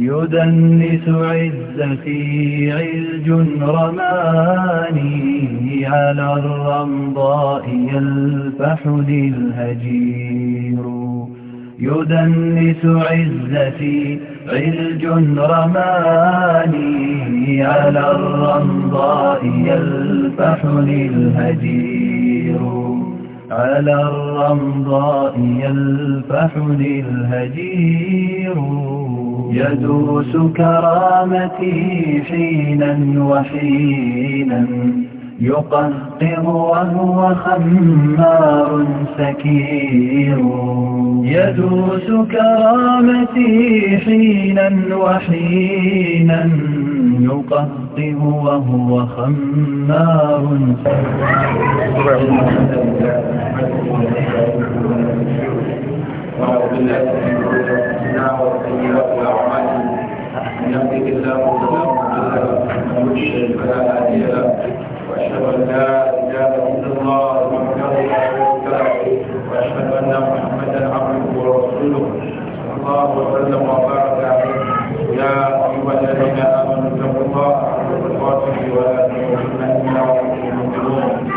يدنس عزتي عز رماني على الرمضاء يلفح الهجير يدنس عزتي عرج رماني على الرمضاء يلفح الهجير على الرمضاء يلفحني الهجير يدوس كرامتي حينا وحينا يقطر وهو خمار سكير يدوس كرامتي حينا وحينا يقطر وهو خمار ونعوذ بالله من وأشهد أن لا إله إلا الله وحده لا شريك له وأشهد أن محمدا عبده ورسوله صلى الله وسلم وبارك عليه يا أيها الذين آمنوا اتقوا الله حق تقاته ولا تموتن وأنتم مسلمون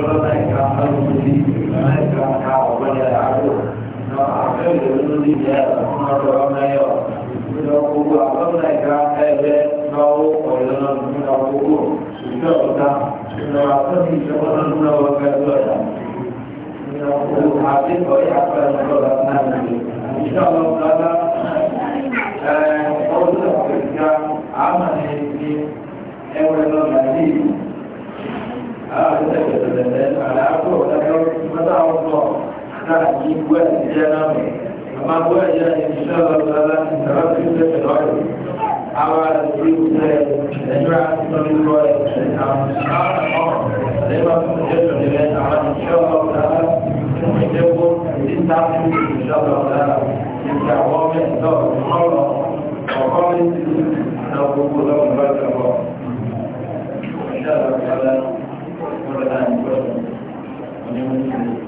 ọlọ́lá ìka alùpùpù náà ìka ká ọ̀gbọ́n yàrá àgbò náà àfẹ́rẹ́ ló ní ìjẹ́ ọ̀gbọ́n ọ̀dọ́ ọ̀nà yọ̀ ìjọ gbogbo àlọ́lá ìka ẹgbẹ́ náà ó ọ̀yọ́ náà nígbà gbogbo ìjọ ọ̀gá ìjọ àtọ́jú ìjọba náà nígbà ọ̀gá ẹgbẹ́ ọ̀dà ìjọ gbogbo àti ọ̀yà àpẹẹrẹ ọ̀dọ́ في بوقت جانا أما بوقت جانا إن شاء الله تعالى نترك في الأرض على الدين نجمع نقول لما تجد الجنة إن شاء الله تعالى نجيبكم لنتعلم إن شاء الله تعالى من أعوام الدار الله وقام نقول لهم بارك الله إن شاء الله تعالى ونحن نقول لهم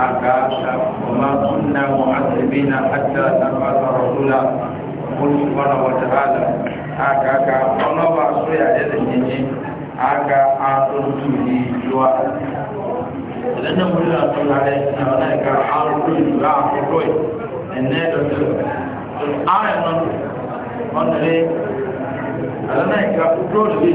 حقا وما كنا معذبين حتى نبعث رسولا قل سبحانه وتعالى aka ka ọlọ́wà sọ yàrá rẹ̀ yẹnyẹ aka àtọ́jú ní ìjọba ẹ̀lẹ́dẹ̀ mú ní àtọ́jú rẹ̀ náà ẹ̀ka àrùkú ìjọba àkókò ẹ̀nẹ́ ẹ̀dọ̀tọ̀ ààrẹ náà ọ̀nà rẹ̀ ẹ̀lẹ́dẹ̀ ẹ̀ka àkókò rẹ̀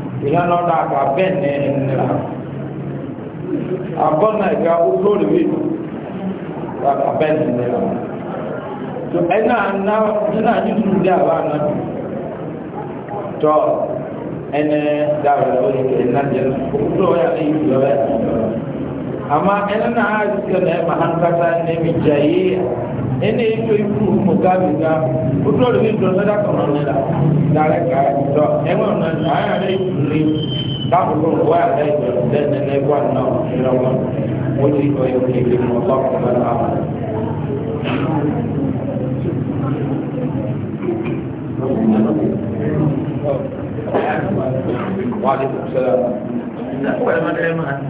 ìlànà ọ̀dà àgbà bẹ́ẹ̀ ní ẹ̀nìyà àbọ̀nà ìgbà olórí wí àgbà bẹ́ẹ̀ ní ẹ̀nìyà tó ẹ̀nà àná nínà nínú ilé àbá àná tọ ẹ̀nà jẹ́ òkúta ọ̀yà amma ɗan a arziki na yi mahankata ne mai jaye ene ito ibu mu gabi ga ojú ọ̀rọ̀ mi dùn lọ́dà kan náà nílà dàrẹ́ ká ìtọ́ ẹ̀wọ̀n náà ní àyà rẹ̀ ìtúrí dábòbò wà rẹ̀ ìjọba lẹ́nu lẹ́gbà náà ìrọ̀ wọn mo ti kọ́ ìwé ìwé mọ́ lọ́kùnrin náà àwọn. Wa alaikum salam.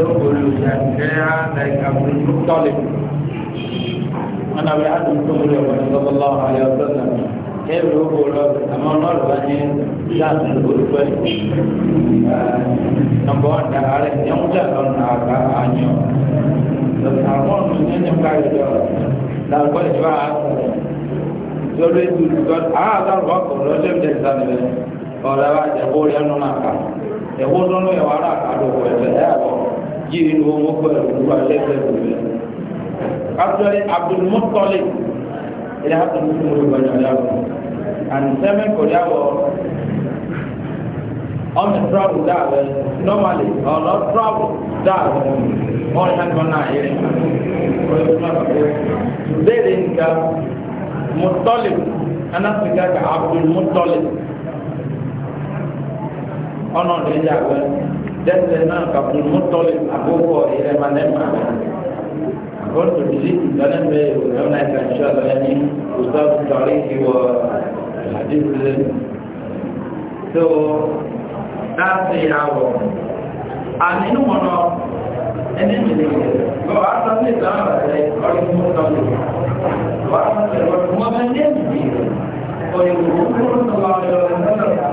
ادخلوا شجاعة أبو المطلب أنا بأحد الكبر صلى الله عليه وسلم كيف يقول أما نور بني ذات الكبر نبغى نعرف يوم جاء نعرف عنه لتعمل من أن يبقى لا يقول جماعة lórí ìdúró gbọ́dọ̀ àwọn àtàwọn ọkọ̀ lọ́jọ́ ìdẹ́gbẹ́ta nìyẹn ọ̀rẹ́ wa jẹ́ kó rí ẹnu náà ká ẹ̀wọ́ lọ́nà ẹ̀wọ́ aráàlú ẹ̀fẹ̀ ẹ̀ àgbọ̀ jíire ni wọ́n pẹ̀lú ìlú àlẹ́sẹ̀ rẹ̀ abdul abdul mọ́tọ́lì ilé hàtà mùsùlùmí ló gbàgbé aláwọ̀ and seven korea wọ on the travel dáàbẹ̀ normally on the travel dáàbẹ̀ wọ́n ní hàtà náà yẹ béèrè nǹkan mọ́tọ́lì anásìkà kà abdul mọ́tọ́lì ọ̀nà ọ̀dẹ́jà wẹ́ẹ́ dɛsɛ náà ka kun mɔtɔli agogo yɛlɛma ne ma akɔrɔ tòlili ìdáná bɛ ɛwọn náà ka nṣọ àlọ yẹn ní ọsà tọrí ti wọ àdébìlẹ tó dáàsì àwọ àní mọ̀nà ẹni mìíràn lọ àtàlẹ̀ ìdáná rẹ̀ ọ̀rẹ́ mọ̀tọ́lì wà á sọ̀rọ̀ mọ̀mọ́ ẹni mìíràn ọ̀rẹ́ mọ̀tọ́lì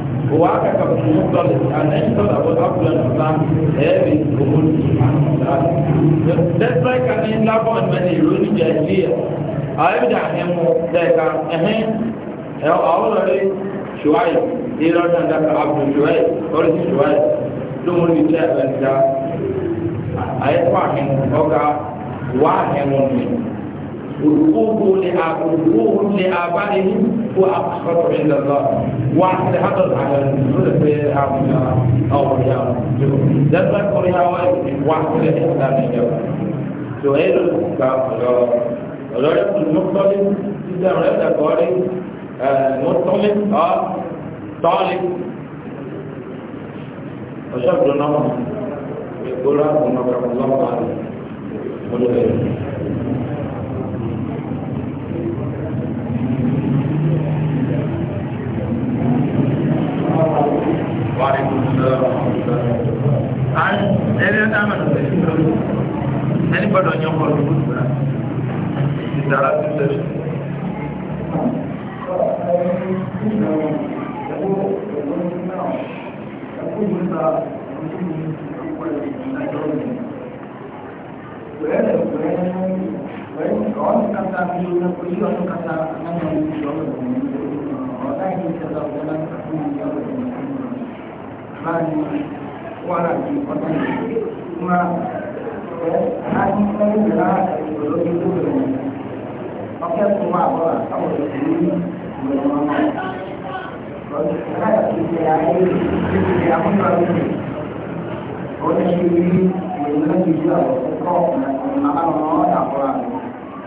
waka ka musulman annabi sallallahu alaihi wasallam ebi umul that's like an in love on when you really get here i have done him like eh eh already shuai ira dan da abdul shuai or shuai do mo ni ta ban da ai pa hin oga wa hin mo ni وقوموا لأبوهم لآبائهم وأقصر عند الله واحد حضر على المسؤولة في أبناء أو رجال لذلك قريها واحد لإحسان الجواب سؤال الكافر رجل المطلب إذا رد قاري المطلب آه، أو آه، طالب فشكر نمر يقول الله الله عليه ẹni gbọ́dọ̀ yan ọkọ lóko ìgbà ìdára tó tẹsí. Thank you. Bueno, ogni cantante di una poesia sono cantata non è un giorno, non è che sia da un giorno, ma guarda di quando ma anche se non era quello di due ma che qua ora stavo dicendo non ho ragazzi che hai che ha fatto oggi non è di giorno, ma non ho da parlare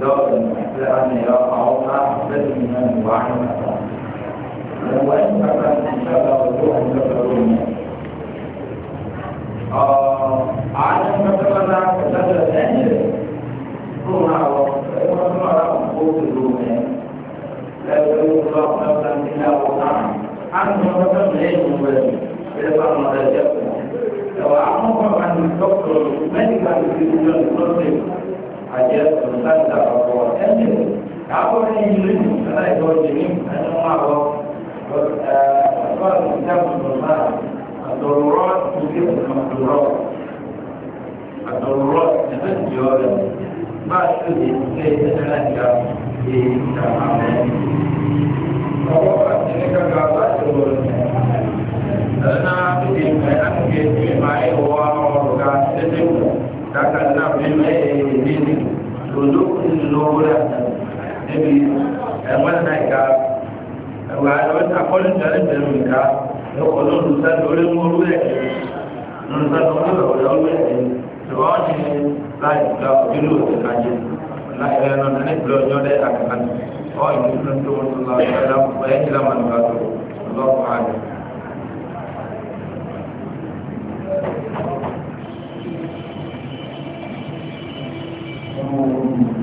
دار أن يرفعون سلما وعلما وإن كان شبه الروح تفعلون عالم مثلا كتابة ثانية هنا وكما رأى قوة الروح لا يقول الله نفسا إلا وقعا عنه مثلا غير مبالي إذا كان مدى جبنا لو أعمق أن يفكر ملكا في الجنة ajar tentang tabrakan ini. Apa yang ini? Karena itu ini hanya mahu apa kita berdoa atau rot mungkin atau rot atau rot itu jual. Masuk di sini adalah yang di dalam ini. Kalau kita kata jual, karena ini adalah da bi ẹ̀wọ̀n náà ìka ẹ̀wọ̀n àwọn akọ́lù ìjọba ìbẹ̀rù ìka ẹ̀kọ́ ló ń sá lórí mọ́rú ẹ̀ ń sá lórí ọ̀rọ̀ ọ̀rọ̀ ẹ̀ ṣùgbọ́n ní láì gba ojúlù òṣèlú ayé láì ẹ̀rọ ní ìlú ọjọ́ dẹ́ àkàkàn ọ̀ ìlú tó ń Thank you.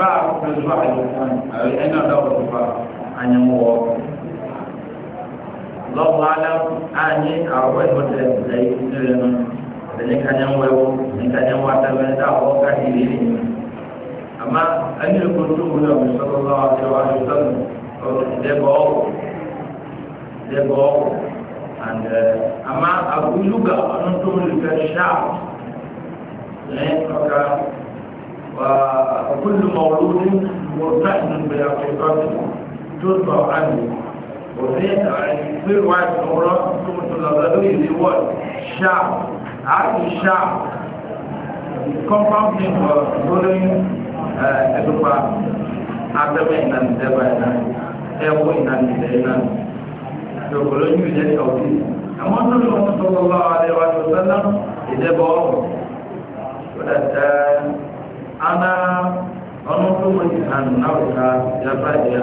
ba ka zuba a yi a yi ana da wasu ba a yi mawa lọ́wọ́ alá a ní àwọn ìbọ̀tẹ̀ lẹ́yìn nílẹ̀ nù ẹni kanyẹ ń wẹ̀wọ̀ ẹni kanyẹ ń wá tẹ́lẹ̀ ní àwọn káàkiri rí ni àmá ẹni lóko tó wúlò ọ̀gbìn sọ́kọ́ lọ́wọ́ àti ọ̀wá àti sọ́nù ìdẹ́bọ̀ ọ̀wọ̀ ìdẹ́bọ̀ ọ̀wọ̀ and وكل مولود مرتحن بالعقيقات ترفع عنه وزين في واحد أمراض ثم تلغلوه اللي هو الشعب عقل الشعب compounding of following ẹ̀dùpá abẹ́wé ìnànìdẹ́bà ẹ̀wọ́ ìnànìdẹ́bà ìjọ̀gbọ̀lọ́ yìí ìjẹ́ ìjọ̀gbọ̀ àwọn tó lọ́wọ́ sọ́lọ́lọ́ àdẹ́wà tó sẹ́lá ìdẹ́bọ̀ ọ̀rọ̀ ana ọnụ ọgụgụ dị na nnawụka yaba dị a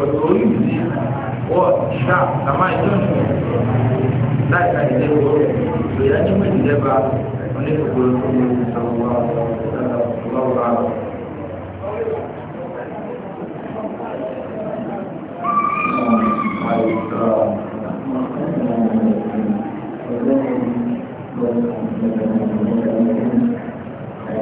otu oyi dị wọ sha kama ịdị nsọ láì ka ìdí ẹgbẹ ọrẹ ìgbéyà ní wọn ìdí ẹgbà wọn ní gbogbo ọdún ní ọdún sọ wọn wà wọn wà wọn. Thank you.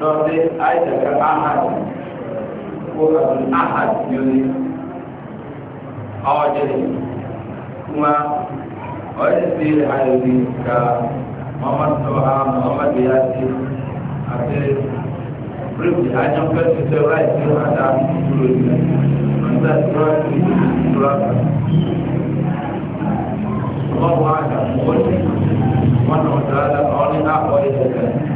lọ́sẹ̀ àìsàkà ahad kó àbùn ahad yóni ọ̀ọ́dẹ̀ kuma ọ̀ọ́dẹ̀ sí àyèwì ka muhammad sọ̀rọ̀ muhammad yà sí àti bíríkì àjọpẹ́ tuntun láì sí àdá ìdúró ìgbà nígbà tí wọ́n ti dúró àgbà. الله أعلم وقل من تعالى قال أعطى إلى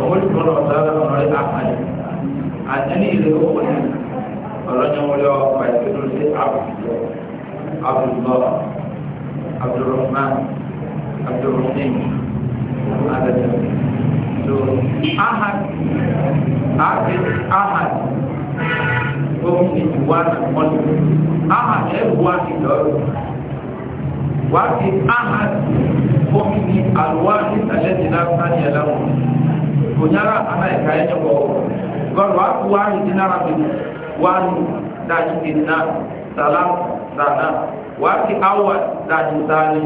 òun ti mọ̀nà ọ̀tá ọ̀nà rẹ̀ àpàdé àtẹ́ni ilé owó ní ọ̀lọ́nyẹ̀wò lọ pàṣẹ tó ṣe àbùdó àbùdó abdulrahman abdulrahim adada so ahad ahad ahad omi ni one one ahad ẹ bu akidọ́rọ̀ wáàkì ahad omi ni alwáàkì tàlẹ́tì láti sáyẹ̀ láwọn bonyara ana ɛka yɛ nyɛ bɔɔ gɔd waa ku waa ni dinara bi waa ni daaji dinna salam dana waa ki awa daaji saani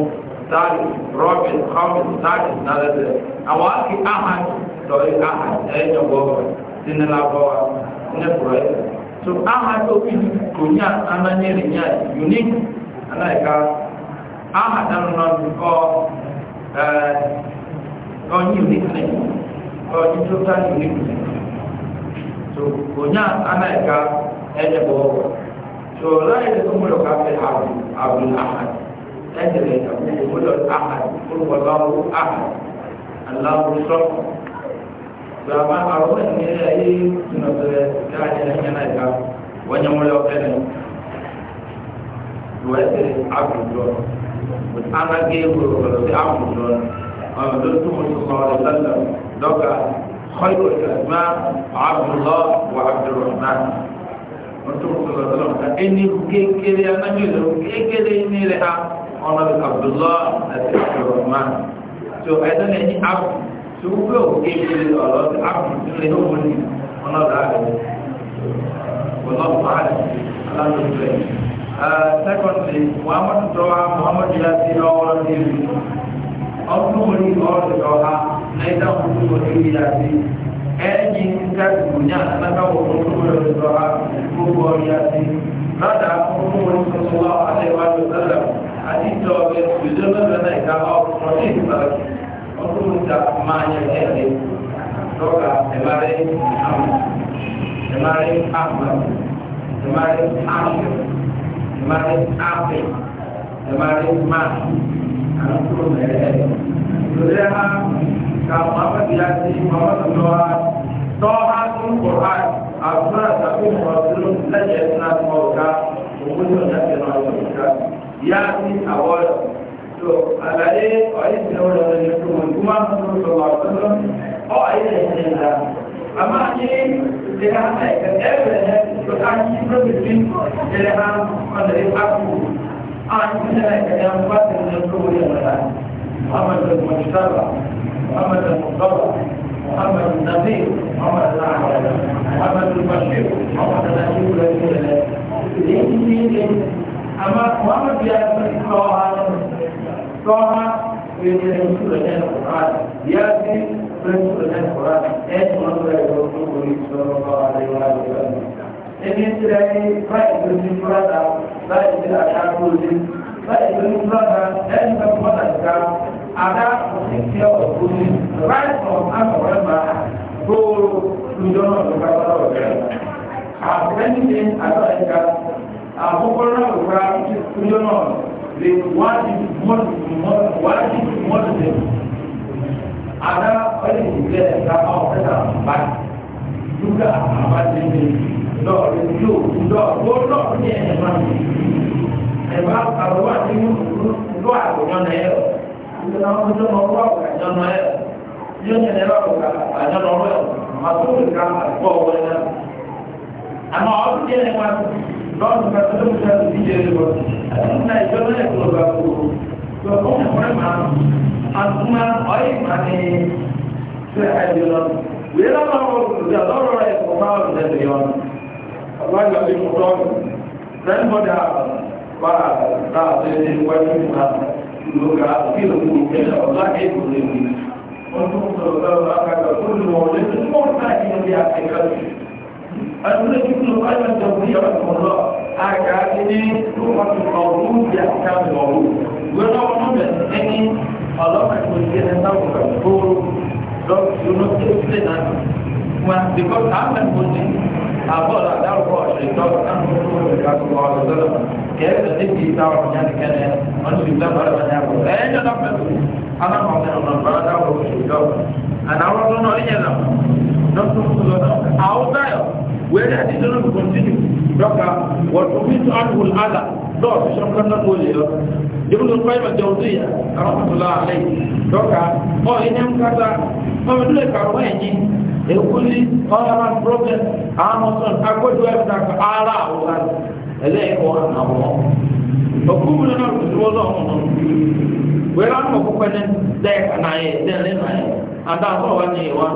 saani rɔbi kɔmi saani nala dɛ a waa ki aha dɔɔyi aha ɛyɛ nyɛ bɔɔ dinna la bɔɔ ne kura yɛ so aha yɛ o bi ko nya ana nyɛ ni nya unique ana ɛka aha dana nɔ bi kɔ ɛɛ eh, ɔnyi unique ne ọdún tó sáyé ní kùsì tó ònyà amẹ́ríkà ẹ̀jẹ̀ bọ̀ ọ̀rọ̀ tó láyé tó múlò káfí àbùn àbùn àhàd ẹ̀jẹ̀ lè tàbí múlò àhàd kúrò lọ́wọ́ àhàd aláwọ̀ sọ́kù tó àmà àwọn ènìyàn yẹ ayé tùnàtúrẹ̀ káàdì ẹ̀yẹ náà ká wọ́n nyẹ́ múlò ọ̀kẹ́ni wọ́n ẹ̀jẹ̀ àbùn lọ anagé wúlò kọ̀lọ̀ sí àbùn lọ. ومدلتم المصالحة دوكا خير الأسماء عبد الله وعبد الرحمن أنتم صلى الله عليه وسلم إني كيكيري أنا جزء كيكيري إني لها أنا عبد الله عبد الرحمن so أيضا إني عبد so هو كيكيري الله عبد اللي هو مني أنا العبد والله أعلم الحمد لله Uh, secondly, Muhammad Dua, Muhammad Yasir, all of these ọdún orí ọ̀rọ̀ ìjọba náírà ọdún orí ìyàtí ẹni kẹ́kọ̀ọ́ ní àtàkàwọ̀ ọdún orí ìjọba gbogbo orí ìyàtí lọ́dà ọdún orí sọ́sọ́wọ́ àtẹ̀wájú sọ́dà àti ìjọ ọ̀gbẹ́ ìjọba náà ìka ọkùnrin ìbàkì ọdún ìta máa yẹ ẹ̀ẹ́dẹ́ lọ́kà ẹ̀márẹ́ àmọ́ ẹ̀márẹ́ àmọ́ ẹ̀márẹ́ àmọ́ ẹ̀márẹ́ àmọ́ ẹ̀márẹ́ máa àwọn kúrò mẹ́rẹ̀ẹ́rẹ́ Sudahlah kalau apa tidak dibawa semua tohatul Quran, Al-Quran tapi Rasulullah tidak pernah membaca, mengucapkan firman Allah. Ya ini awal tu alai, alai semua orang yang cuma cuma menurut Allah tu, oh ini hendak. Ama ini jadi apa? Kerana tu kami pun bising, jadi kami pun dari aku, aku pun jadi kerana apa? Kerana tu boleh melalui. محمد المجتبى محمد المصطفى محمد النبي محمد الأعلى محمد المشير محمد الأجيب الذي محمد أما محمد يأتي طه طه ويجري سورة القرآن يأتي سورة القرآن أيش منظر الرسول صلى الله عليه وسلم إن إسرائيل رأي بالفرادة رأي بالأشعار bẹ́ẹ̀ ló ní lọ́dà lẹ́yìn tó kọ́ nàìjíríà àdá òsì tí ó kú ní right from akọ̀wé ma gbòòrò lùjọ́ náà ló bá wọ́n rẹ̀. àbẹ̀ni ní àdó ẹ̀ka àkókò náà ló bá lùjọ́ náà lè wájú wájú mọ́tò lè. àdá ọ̀lẹ́ ìgbẹ́ ẹ̀ka ọ̀fẹ́ náà bá dúkà àbájáde lọ́ọ̀rẹ́ yóò lọ́ọ̀rẹ́ yóò lọ́ọ̀rẹ́ yẹn máa ń bọ̀ ẹ̀bá àwọ̀wà tí ìlú àkójọ́ náà ẹ̀rọ ìlú àwọn ọmọdé ọmọ ọwọ́ àkójọ́ náà ẹ̀rọ ní ọjọ́ ẹ̀rọ àkójọ́ náà ọwọ́ ẹ̀rọ tó lè ká àgbọ̀ ọwọ́ ẹ̀rọ àmọ́ ọdún tí ẹ̀rọ wọn lọ́ọ̀dù kàtó ló ń sọ ìdíje ẹ̀rọ àti ní ẹ̀kọ́ lọ́gbà gbogbo lọ́gbà ọkùnrin máa máa ba za a sai sai wani ma loka fi da ku ke da za ka yi kure ne wani kuma da za a ka ga kullum wani sun mawata ne da ya kai kalli a nuna cikin wannan jamhuriyar Allah a ga ne wata mawuru da ta mawuru wani wani da ne ọlọ́pàá ti ní sáwọn ọ̀gá tóóró lọ́pù ló ti sílẹ̀ náà kuma because àwọn ẹ̀kọ́ ti àbọ̀ ọ̀dà àdárúkọ ọ̀ṣẹ̀ ìtọ́jú náà ló ń lò ní ìgbà tó wà ọ̀dọ́ lọ́pàá kɛrɛfɛ ne bi ta wa ɲa ni kɛnɛ ma ni bila bara ma ɲa ko ɛ ɲa na fɛ ala ma fɛ ɔnɔ bara ta ko fi dɔ a na wa dɔn i ɲɛna dɔ tun tun dɔ dɔn a o ta yɔ wɛrɛ a ti dɔn ko kɔntinu dɔ ka wa tun bi to an wuli ala dɔw ti sɔn kan na k'o le yɔ jibulu fayi ekuli ɔ yaba problem a ma sɔn a ko jɔ ɛ ẹlẹ́ẹ̀kọ́ àwọn ọkùnrin mi náà tuntun wọn lọ́wọ́ náà wẹ́rẹ́ àwọn ọkùnrin pẹ́ẹ́nẹ́ dẹ́ẹ̀ka náà yẹ dẹ́ẹ̀lẹ́ náà yẹ adá sọ̀rọ̀ wá ní ìwá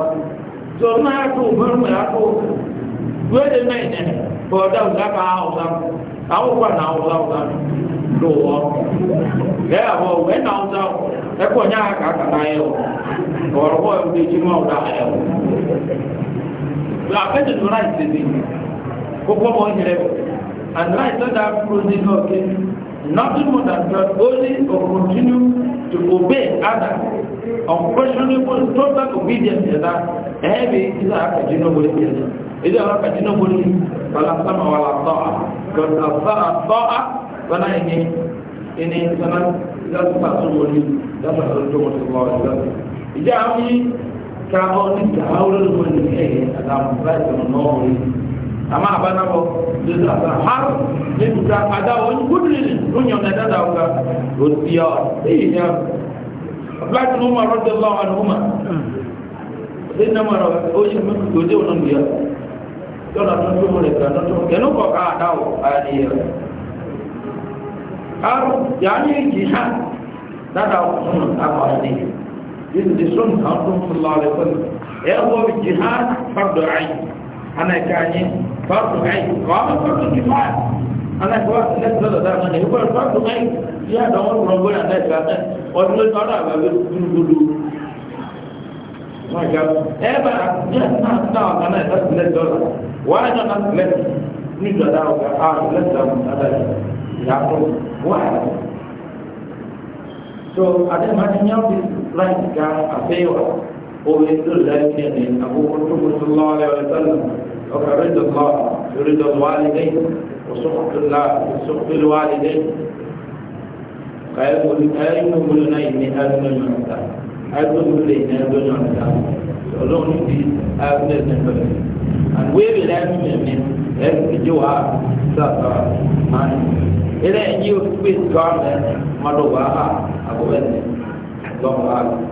tó náà yà tó òbẹ́rù mọ̀ yà tó wẹ́rẹ́ náà yẹ bọ̀dá ọ̀dá ká ọ̀dá àwọn òkú àná ọ̀dá ọ̀dá ló wọ́ ẹ̀ àbọ̀ ẹ̀ náà ọ̀dá ẹ̀kọ́ nyá kàkà náà yẹ ọ̀rọ̀ bọ̀ ẹ̀ Gbàgbé tuntun láì tètè, gbogbo ọmọ ìjìnlẹ̀ bẹ̀rẹ̀. And like that that process okay nothing more than God only to continue to obey others unquestionable total obedience is that heavy is a kajino bolivia is a kajino bolivia wala sama wala ta'a because a ta'a ta'a wala ini ini sana that's a sumuli that's a sumuli Allah is that ija ami ka oni ka hawla bolivia adam right on no amma a bana ba da za ta har ne duka a da wani gudun ne don yau na da da wuka rosiya sai ya abdullahi bin umar radiyallahu anhu ma sai na mara o shi mun to je wannan biya to na tun to mure ka na to kenu ko ka da o ali har yani jihad da da sunan aka ne yin da sunan sallallahu alaihi wasallam ya huwa jihad fardu ain ana kanye farko ai kawai farko kifaya ana kawai na tsada da mana yi kawai farko ai ya da wani rangwara da ya ta wani ne tsara ba bi gudu maka eba ya na na kana da tsada da wa da na tsada ni da da ga a da da da ya ko wa so adai ma tin yau bi like ga a fewa ومن ذريته أبو بكر صلى الله عليه وسلم وكرد الله يريد الوالدين وسخط الله وسخط الوالدين قائم الآن ملنين أبن المنزل أبن ملنين أبن المنزل Ọlọ́run ti abúlé nìkan àwọn èrè lẹ́nu mímí ẹ̀sìn ìjọba sàtà máa ń ilé ẹ̀yìn òkú gbèsè ọ̀rẹ́ mọ́tò wàhálà àbúrò ẹ̀sìn lọ́wọ́ àgbẹ̀.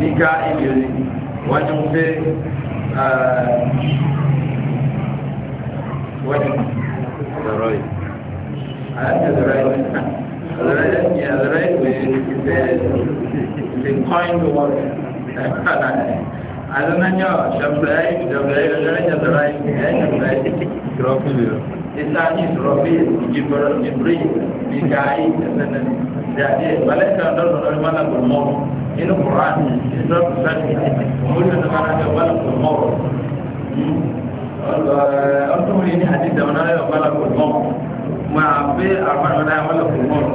nígbà ìbèrè wọ́n ti ń pé wọ́n ti ọ̀rọ̀ yìí àyájọ́ ọ̀rọ̀ yìí ọ̀rọ̀ yìí pé ìpè kọ́ìn tó wọ́n ẹ̀kọ́lá àdánányọ́ ṣọ̀bẹ̀rẹ̀ ṣọ̀bẹ̀rẹ̀ ṣọ̀bẹ̀rẹ̀ ṣọ̀bẹ̀rẹ̀ ṣọ̀bẹ̀rẹ̀ ṣọ̀bẹ̀rẹ̀ Isani Rabbil Jibril Jibril Bikai dan jadi balik ke dalam dalam mana bermur ini Quran itu mula mungkin mana ke mana bermur Allah Allah ini hadis dalam mana orang mana bermur Ma'abi arman orang ke mana bermur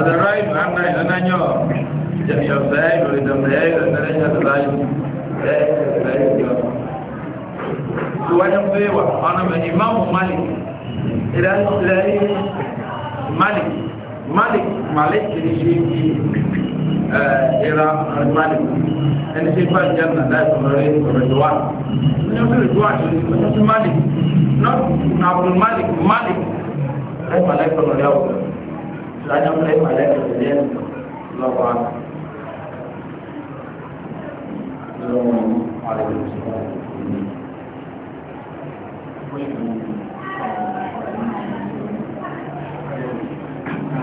ada rai mana yang nanya jadi yang saya dari dalam saya dan dari yang lain saya saya Tuan yang saya, anak imam Malik, idan lẹ́yìn malik malik malik kìí ṣe ti ìra malik ẹni tí bá jẹ́ nà láì sọ̀rọ̀ rẹ̀ sọ̀rọ̀ ìwà ní ọdún ìwà ṣe ní ọdún tí malik náà abdul malik malik láì malik sọ̀rọ̀ rẹ̀ ọ̀rọ̀ ṣáájú láì malik sọ̀rọ̀ rẹ̀ lọ́wọ́ Thank you.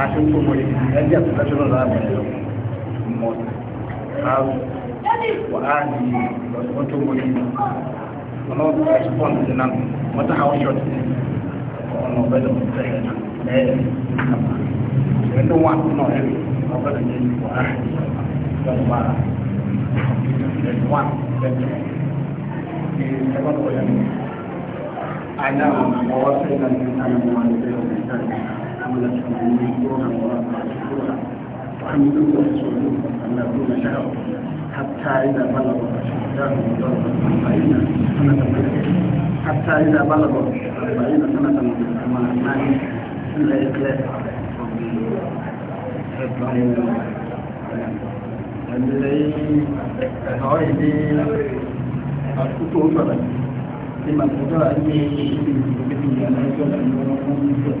àti tó mọ̀ ẹgbẹ́ àtúntàṣọ́nà láàmì ẹ̀rọ mọ̀ àrùn wà á di ọ̀sán tó mọ̀ yìí ọ̀nà ẹ̀sùpọ̀n ti náà mọ́tà àwọn ṣọ́ọ̀tì ọ̀nà ọ̀bẹ̀dọ̀ mọ̀tẹ́rẹ̀ Ana ọwọ́ sí ìlànà ìtàlẹ̀ ìwọ̀n ìgbẹ̀rẹ̀ ìtàlẹ̀. حتى إذا بلغوا سنة حملته أميون وراقبتون وحملوه وحصلوه أن يكون شهر حتى إذا بلغ أشهده ضربا أربعين سنة حتى إذا بلغ أربعين سنة وأمان إلا إقلاع اللي هايدي أسكتوا صدق لما تدعى أني في البيت أنا أجل أن أكون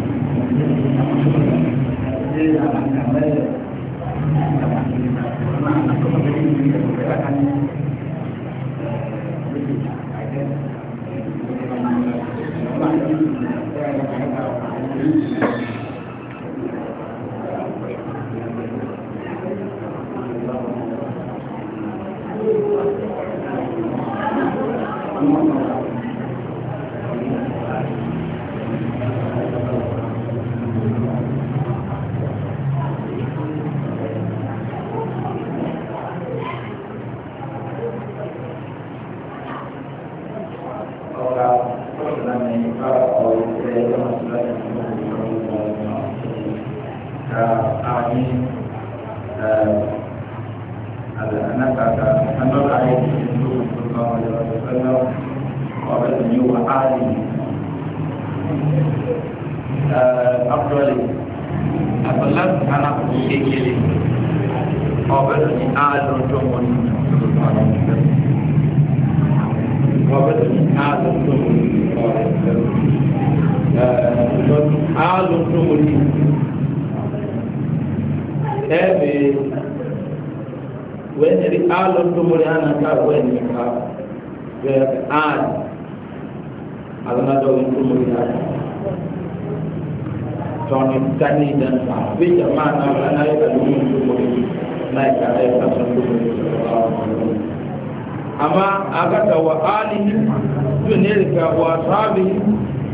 ذلك وأصحابه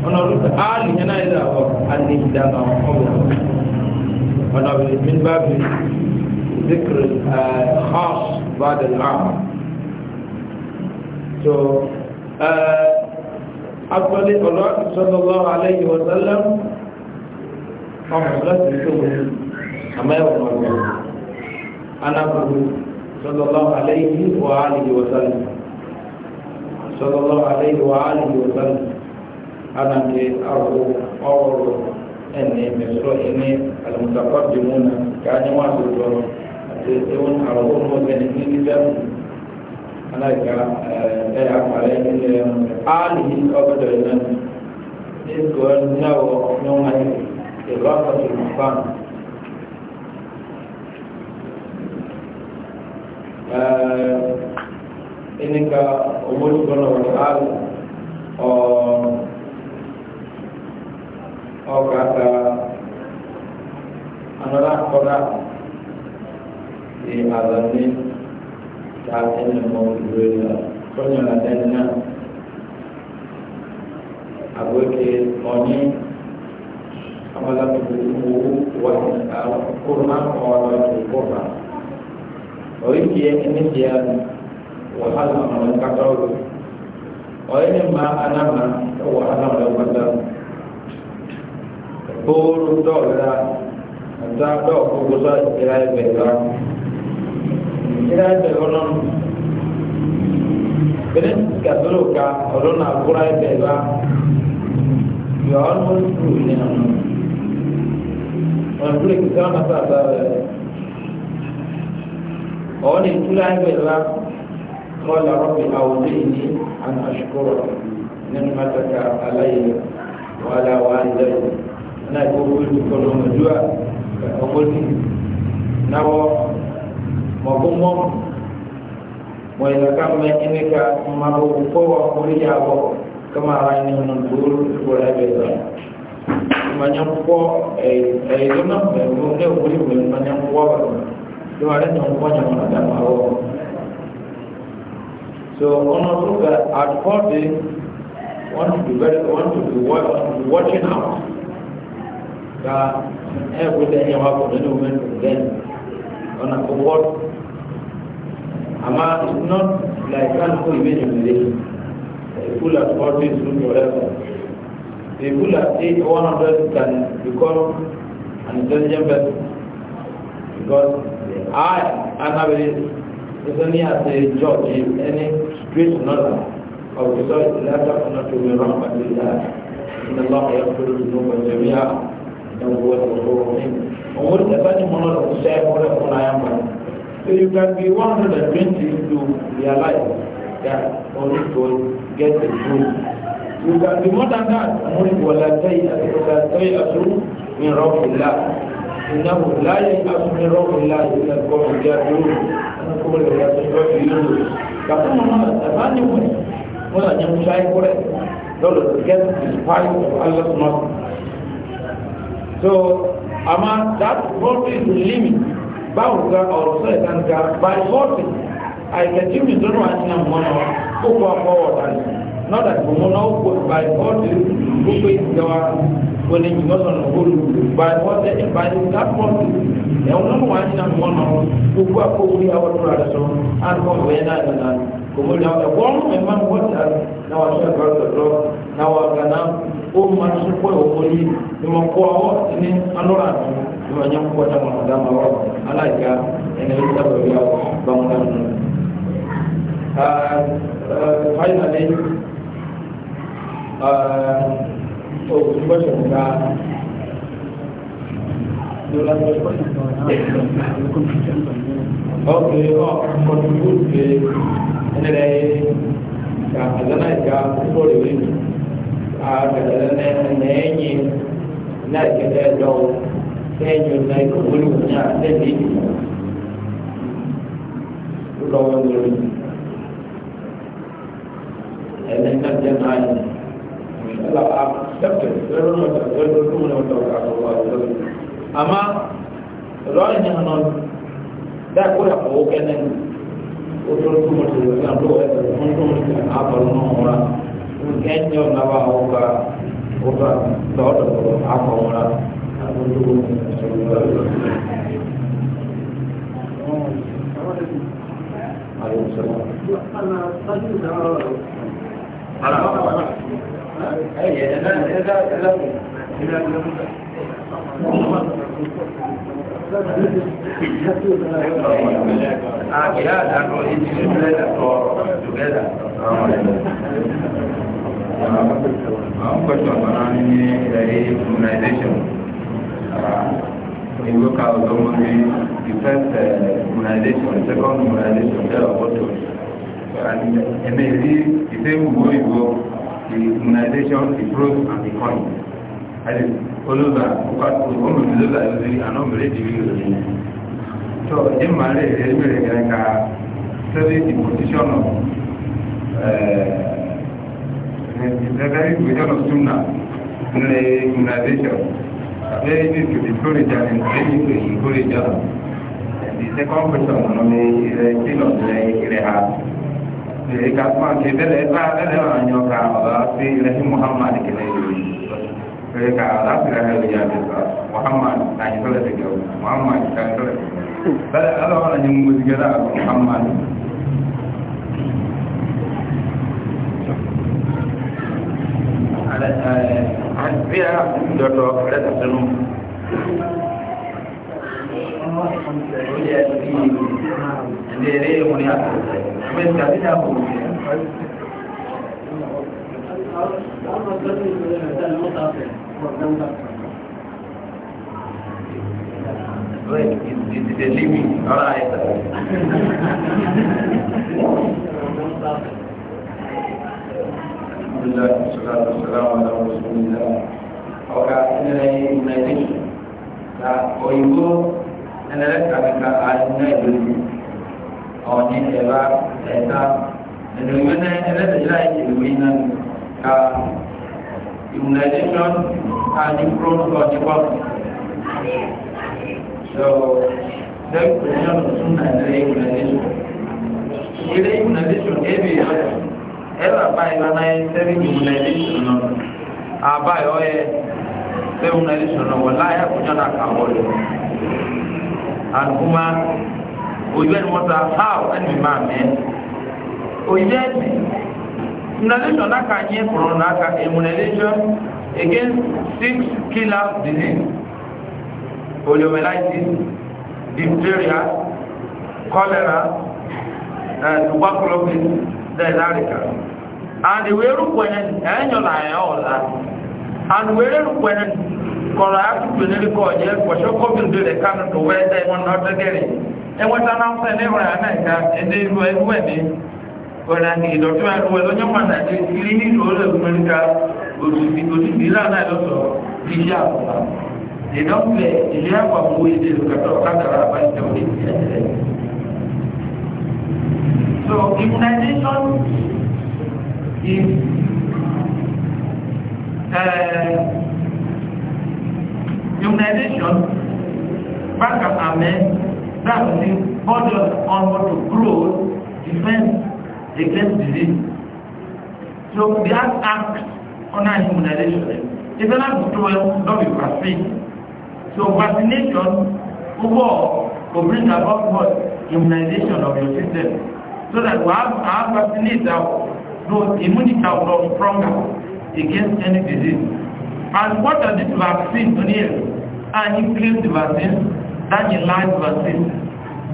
ونرد آل هنا إلى أنه دام وحبه ونرد من باب ذكر الخاص بعد العام so afọlẹ ọlọ́ọ̀tì sọ́lọ́lọ́ aláyé wọ́sálẹ́m ọmọ láti tóbi àmẹ́wọ̀n ọ̀gbọ̀n anábùrú sọ́lọ́lọ́ aláyé wọ́sálẹ́m صلى الله عليه وآله وسلم أنا أرجو أول أني مسرو إني المتقدمون كان واجب أتيتون أرجو مسلمين جدا أنا كا أي أفعل آله أبدا إن يقول نو نو إضافة المكان Uh, Inika Allah subhanahu wa ta'ala Oh Oh kata Anurah kota Di alam ini Saat ini mau berbeda lah. Kau nyatanya Aku ke Moni Amalan tubuhmu Wahin al-Qurma orang al-Qurma Oh ini dia wahala mwanamkatoro waene ma anama wahala mwanamkatoro bóòrù dọ́ọ̀la àtàdọ́ ọ̀gbọ́gbọ́sọ ìlà ẹ̀bẹ̀ lọ. ìlà ẹ̀bẹ̀ lọ́nà bẹ́ẹ̀ gàdúrò ka ọ̀dọ́nà àkúrà ẹ̀bẹ̀ lọ yọ ọ́ ló ń tù ní ọ̀nà. wọn kúrò kí sáwọn náà sáà sáà rẹ̀ ọ̀ ní ìtura ẹ̀bẹ̀ lọ. قال رب أوزعني أن أشكرك نعمتك علي وعلى والدي أنا قلت كل مجوع فقلت نرى مقوم وإذا كان إنك مرور فوق كل kama ayi ni wọn gbóòrò gbogbo ẹgbẹ gbà ìmọ̀nyẹ́nkọ́ ẹ̀yẹ́dọ́nà ẹ̀wọ̀n ní òwúrò ìwé ìmọ̀nyẹ́nkọ́ bàbá ló wà lẹ́nu ọ̀pọ̀ nyàmọ̀ àdàmọ̀ àwọ̀ So on look at, at 40, want to be very, want to be, watching out. That everything you have for the woman then on a what Ama it's not like can't go even in relation. A fool at forty is soon forever. A fool at one hundred can become an intelligent person. Because I, I'm not very, it's only as a judge, in any straight north of the soil لا تقنطوا من رحمة الله إن الله يغفر الذنوب جميعا إنه هو الغفور الرحيم ومن تفاني من الله الشيخ ولا من أيامه So you can be 120 to realize that only to get the truth. You can be more than that. Only ولا تيأس ولا تيأس من روح الله إنه لا ييأس من روح الله إلا القوم الكافرون أنا أقول لك يا سيدي يونس kafin mana tsakanin wani mutanen shayi kure dole su get inspired of Allah's mercy. So, amma that voltage is limit báwo ga ọ̀rọ̀ sọ ìdáǹkà by force àìkẹ́kí mi tó náà ti nà mọ́nà ó kọ́ ọ̀pọ̀ ọ̀dà yìí not that we will now put by all the who pay their when they give us on the whole by all the by that one they will not want to one of who go up over the hour to our son and come away and that and that come on now the one and man what that now I shall go to the door now I can now oh man so poor oh holy you must go out in it and all that you must not go down on to the hour finally òkú gbọ́dọ̀ gba ok ọ contribute pe ẹnlẹ ka alana ìka púpọ̀ rẹ̀ wí agbẹ̀dẹ̀ lẹ́nà ẹ̀yìn náà kẹlẹ́ lọ́wọ́ ẹ̀yìn náà ìkọ̀wé lòun náà lẹ́yìn ìdìbò lọ́wọ́ lórí ẹ̀lẹ́ńtà jẹ́ náà yìí. الألعاب تبتل غير المتعب غير الكمن والتوقع الله عز وجل أما رأي نحن ده كل حقوق أن وتركم الإسلام لو أنتم أعبر نورا ممكن يوم نبع وكا وكا دور أعبر نورا عليه السلام. Àwọn question ọ̀nà ní ẹ̀yẹ immunization. In local government, the first uh, immunization, second immunization, third or fourth. And, and the same way we the immunization, the probe, and the coin. That is, all of that, all of the other usually are not very So, in my day, there is like a study the position of uh, the very position of Sunnah in the immunization. Very need to encourage and very need to encourage others. The second question, I mean, is uh, the thing of the, the ka kuma ke bẹ̀rẹ̀ bá bẹ̀rẹ̀ wà nyọ ka ọ̀la sí ilẹ̀hìn muhammad kẹlẹ̀ yìí kẹlẹ̀ ka ọ̀la sí ilẹ̀hìn yìí yà bẹ̀ sọ muhammad náà yìí sọlẹ̀ tẹ̀kẹ̀ muhammad náà yìí sọlẹ̀ tẹ̀kẹ̀ bẹ̀rẹ̀ alọ́ wọn ni mo ti gẹ̀rẹ̀ àgọ́ muhammad. àti à dọ̀dọ̀ rẹ̀ tẹ̀sẹ̀ nù. Ilé ẹ̀rí ìwé ni a tẹ̀sẹ̀. pẹ́ntà Right, it, it is a limit. All right. الحمد لله والصلاة والسلام على رسول الله. Ọ̀gá ilẹ̀ ìmọ̀ ẹ̀dẹ́gbẹ̀ta òyìnbó ẹlẹ́rẹ́kàlẹ́kà àìní náà lórí ọ̀ní ẹ̀rá ẹ̀ta ẹ̀dùnmẹ́nẹ́ ẹlẹ́dẹ̀ẹ́lá ìṣèlú iná ka immunization and improved logical so that question tún nàìjíríà immunization ilé immunization ẹ̀bí ìyọ́jọ́ ẹ̀rọ àbáyé lánàá ẹ̀ sẹ́rí immunization náà àbáyé ọ̀yẹ́ sẹ́rí immunization náà wọ̀ láyé àkójọ́ náà kà ojú ẹni wọn sọ how ẹni mi máa eh? mẹ ojú ẹni immunization náà kàn yín kúrò náà kà immunization against six killer disease poliomyelitis diphtheria cholera uh, tuberculosis dysentery and ìwé rúpẹ̀ẹ́n ẹ̀yọ̀lá ẹ̀ ọ̀la and ìwé rúpẹ̀ẹ́n kọ̀ọ̀rọ̀ akíkù nílùú kọ̀ọ̀jẹ́ pọ̀ṣọ́kọ́bìnrin rẹ̀ kánú tó wẹ́ẹ́ tẹ́ wọn náà tẹ́gẹ̀rẹ̀ ẹwọ́ta náà ń ní ìwọ̀n àná ìka ẹ̀dẹ́ ìlú ẹ̀rú ẹ̀dẹ́ ọ̀nà ni ìdọ̀tí wa ẹ̀rú ẹ̀dọ́ nyọ́mọ̀ náà ti ilé ní ìlú ọ̀rẹ́ ìlú mẹ́ríkà òtùtù òtùtù ilé àná ìlọ́sọ̀ iṣẹ́ àkùnà ìdọ́kùnlẹ̀ ilé àpapọ̀ ìdè ìlúkàtọ̀ kákàrà àbájọ ìdílẹ̀ So immunization is uh, immunization back up amen That means borders on what to grow defense against disease. So the act act on our immunization. If you're not doing not be vaccine. So vaccination overall will bring about what immunization of your system. So that we have our vaccinates out, those immunity out of stronger against any disease. And what are these vaccines on here? And he claims the vaccine than in life verses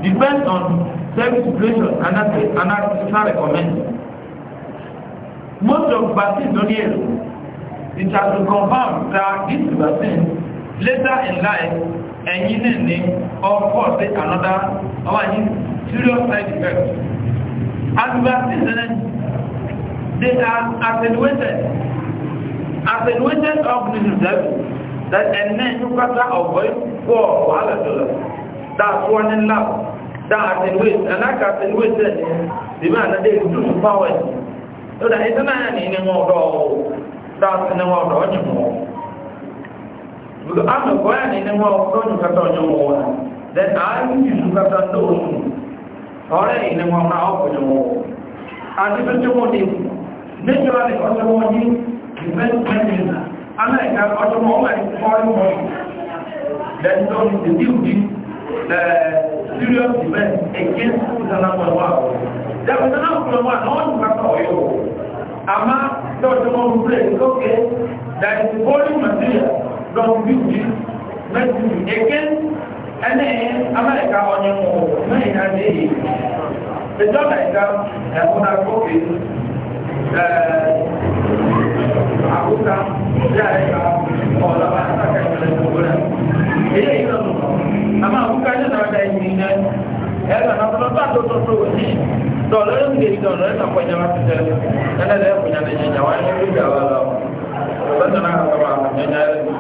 depends on service situation and that's and that's recommended. Most of vaccines don't hear. It has been confirmed that this vaccine later in life and in ẹ̀yin of course they sí another ọwọ́ àyí serious side effects. As vaccines then eh, they are attenuated attenuated organisms eh, that and then you got that away for wala dollar that's one in love that in with and I got in with that the man that they do power so that is not any more do that's in more do any more because I'm not going any more do you got on your own then I will use got on the own or any more now for your own and if it's your money naturally also money investment in that Amẹ́ríkà ọdún ọmọ ìfọ́rin mọ́rin lẹ́yìn tó ní tètè òbí uh, serious event against Ghana Mọ̀lá. Dẹ̀kùn Ghana Mọ̀lá náà wọ́n ti pàtàkì ọ̀yọ́. Àmá tọ́jú wọn ń pè lókè that is foreign material from beauty medicine against ẹni Amẹ́ríkà ọ̀yọ́ mẹ́rin náà lè yìí. Ìjọba ìjọba ẹ̀kọ́ náà kókè Tọ̀lọ́ yóò gbé ìdọ̀lọ́ ẹ̀ta pọ̀jọ́ máa ti tẹ̀lé. Ẹlẹ́dẹ̀ ẹ̀kùnjà lè jẹjà wáyé lórí ìgbà wa lọ. Lọ́jọ́ náà àtọ́wà àwọn ẹ̀yà ẹ̀rẹ́.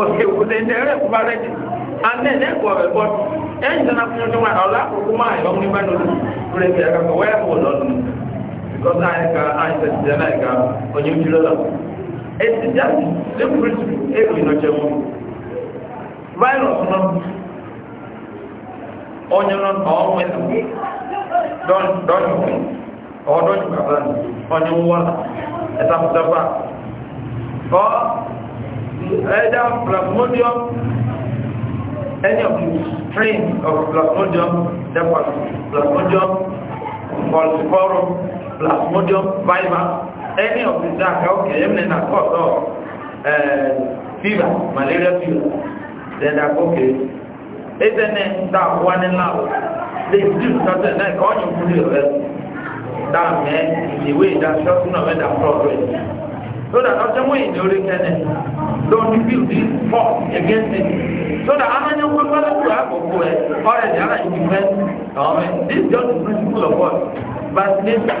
Òkè òkúté ní ẹ̀rẹ́ kúbá rẹ̀ jù. Anẹ́ ẹ̀kọ́ rẹ̀ bọ́. Ẹ̀yìn tẹ́ná fún ọjọ́ máa ọ̀lá àkókò máa ẹ̀rọ because ayika ayika ti dẹ́nà ayika onye ojú lọ́la ètí jáde ní pírísìpì èrò ìnọ̀jẹ̀ mú virus náà onye náà ọ̀hún wẹ́nà dọ́ọ̀nù fún ọ̀dọ́ọ̀nù bàbá onye wọ́n ẹ̀sàkùtàbà ọ ẹ̀dá plasmodium any of the strain of plasmodium that was plasmodium falciparum plasmodium fiber any of the dark okay them then are cause of uh, fever malaria fever then that okay isn't it that one in love they do something like all you put it that man in the way that short not when that progress so that after when you already don't feel this force against it so that I'm not going to have a boy already I'm not even this is just the principle of what but nature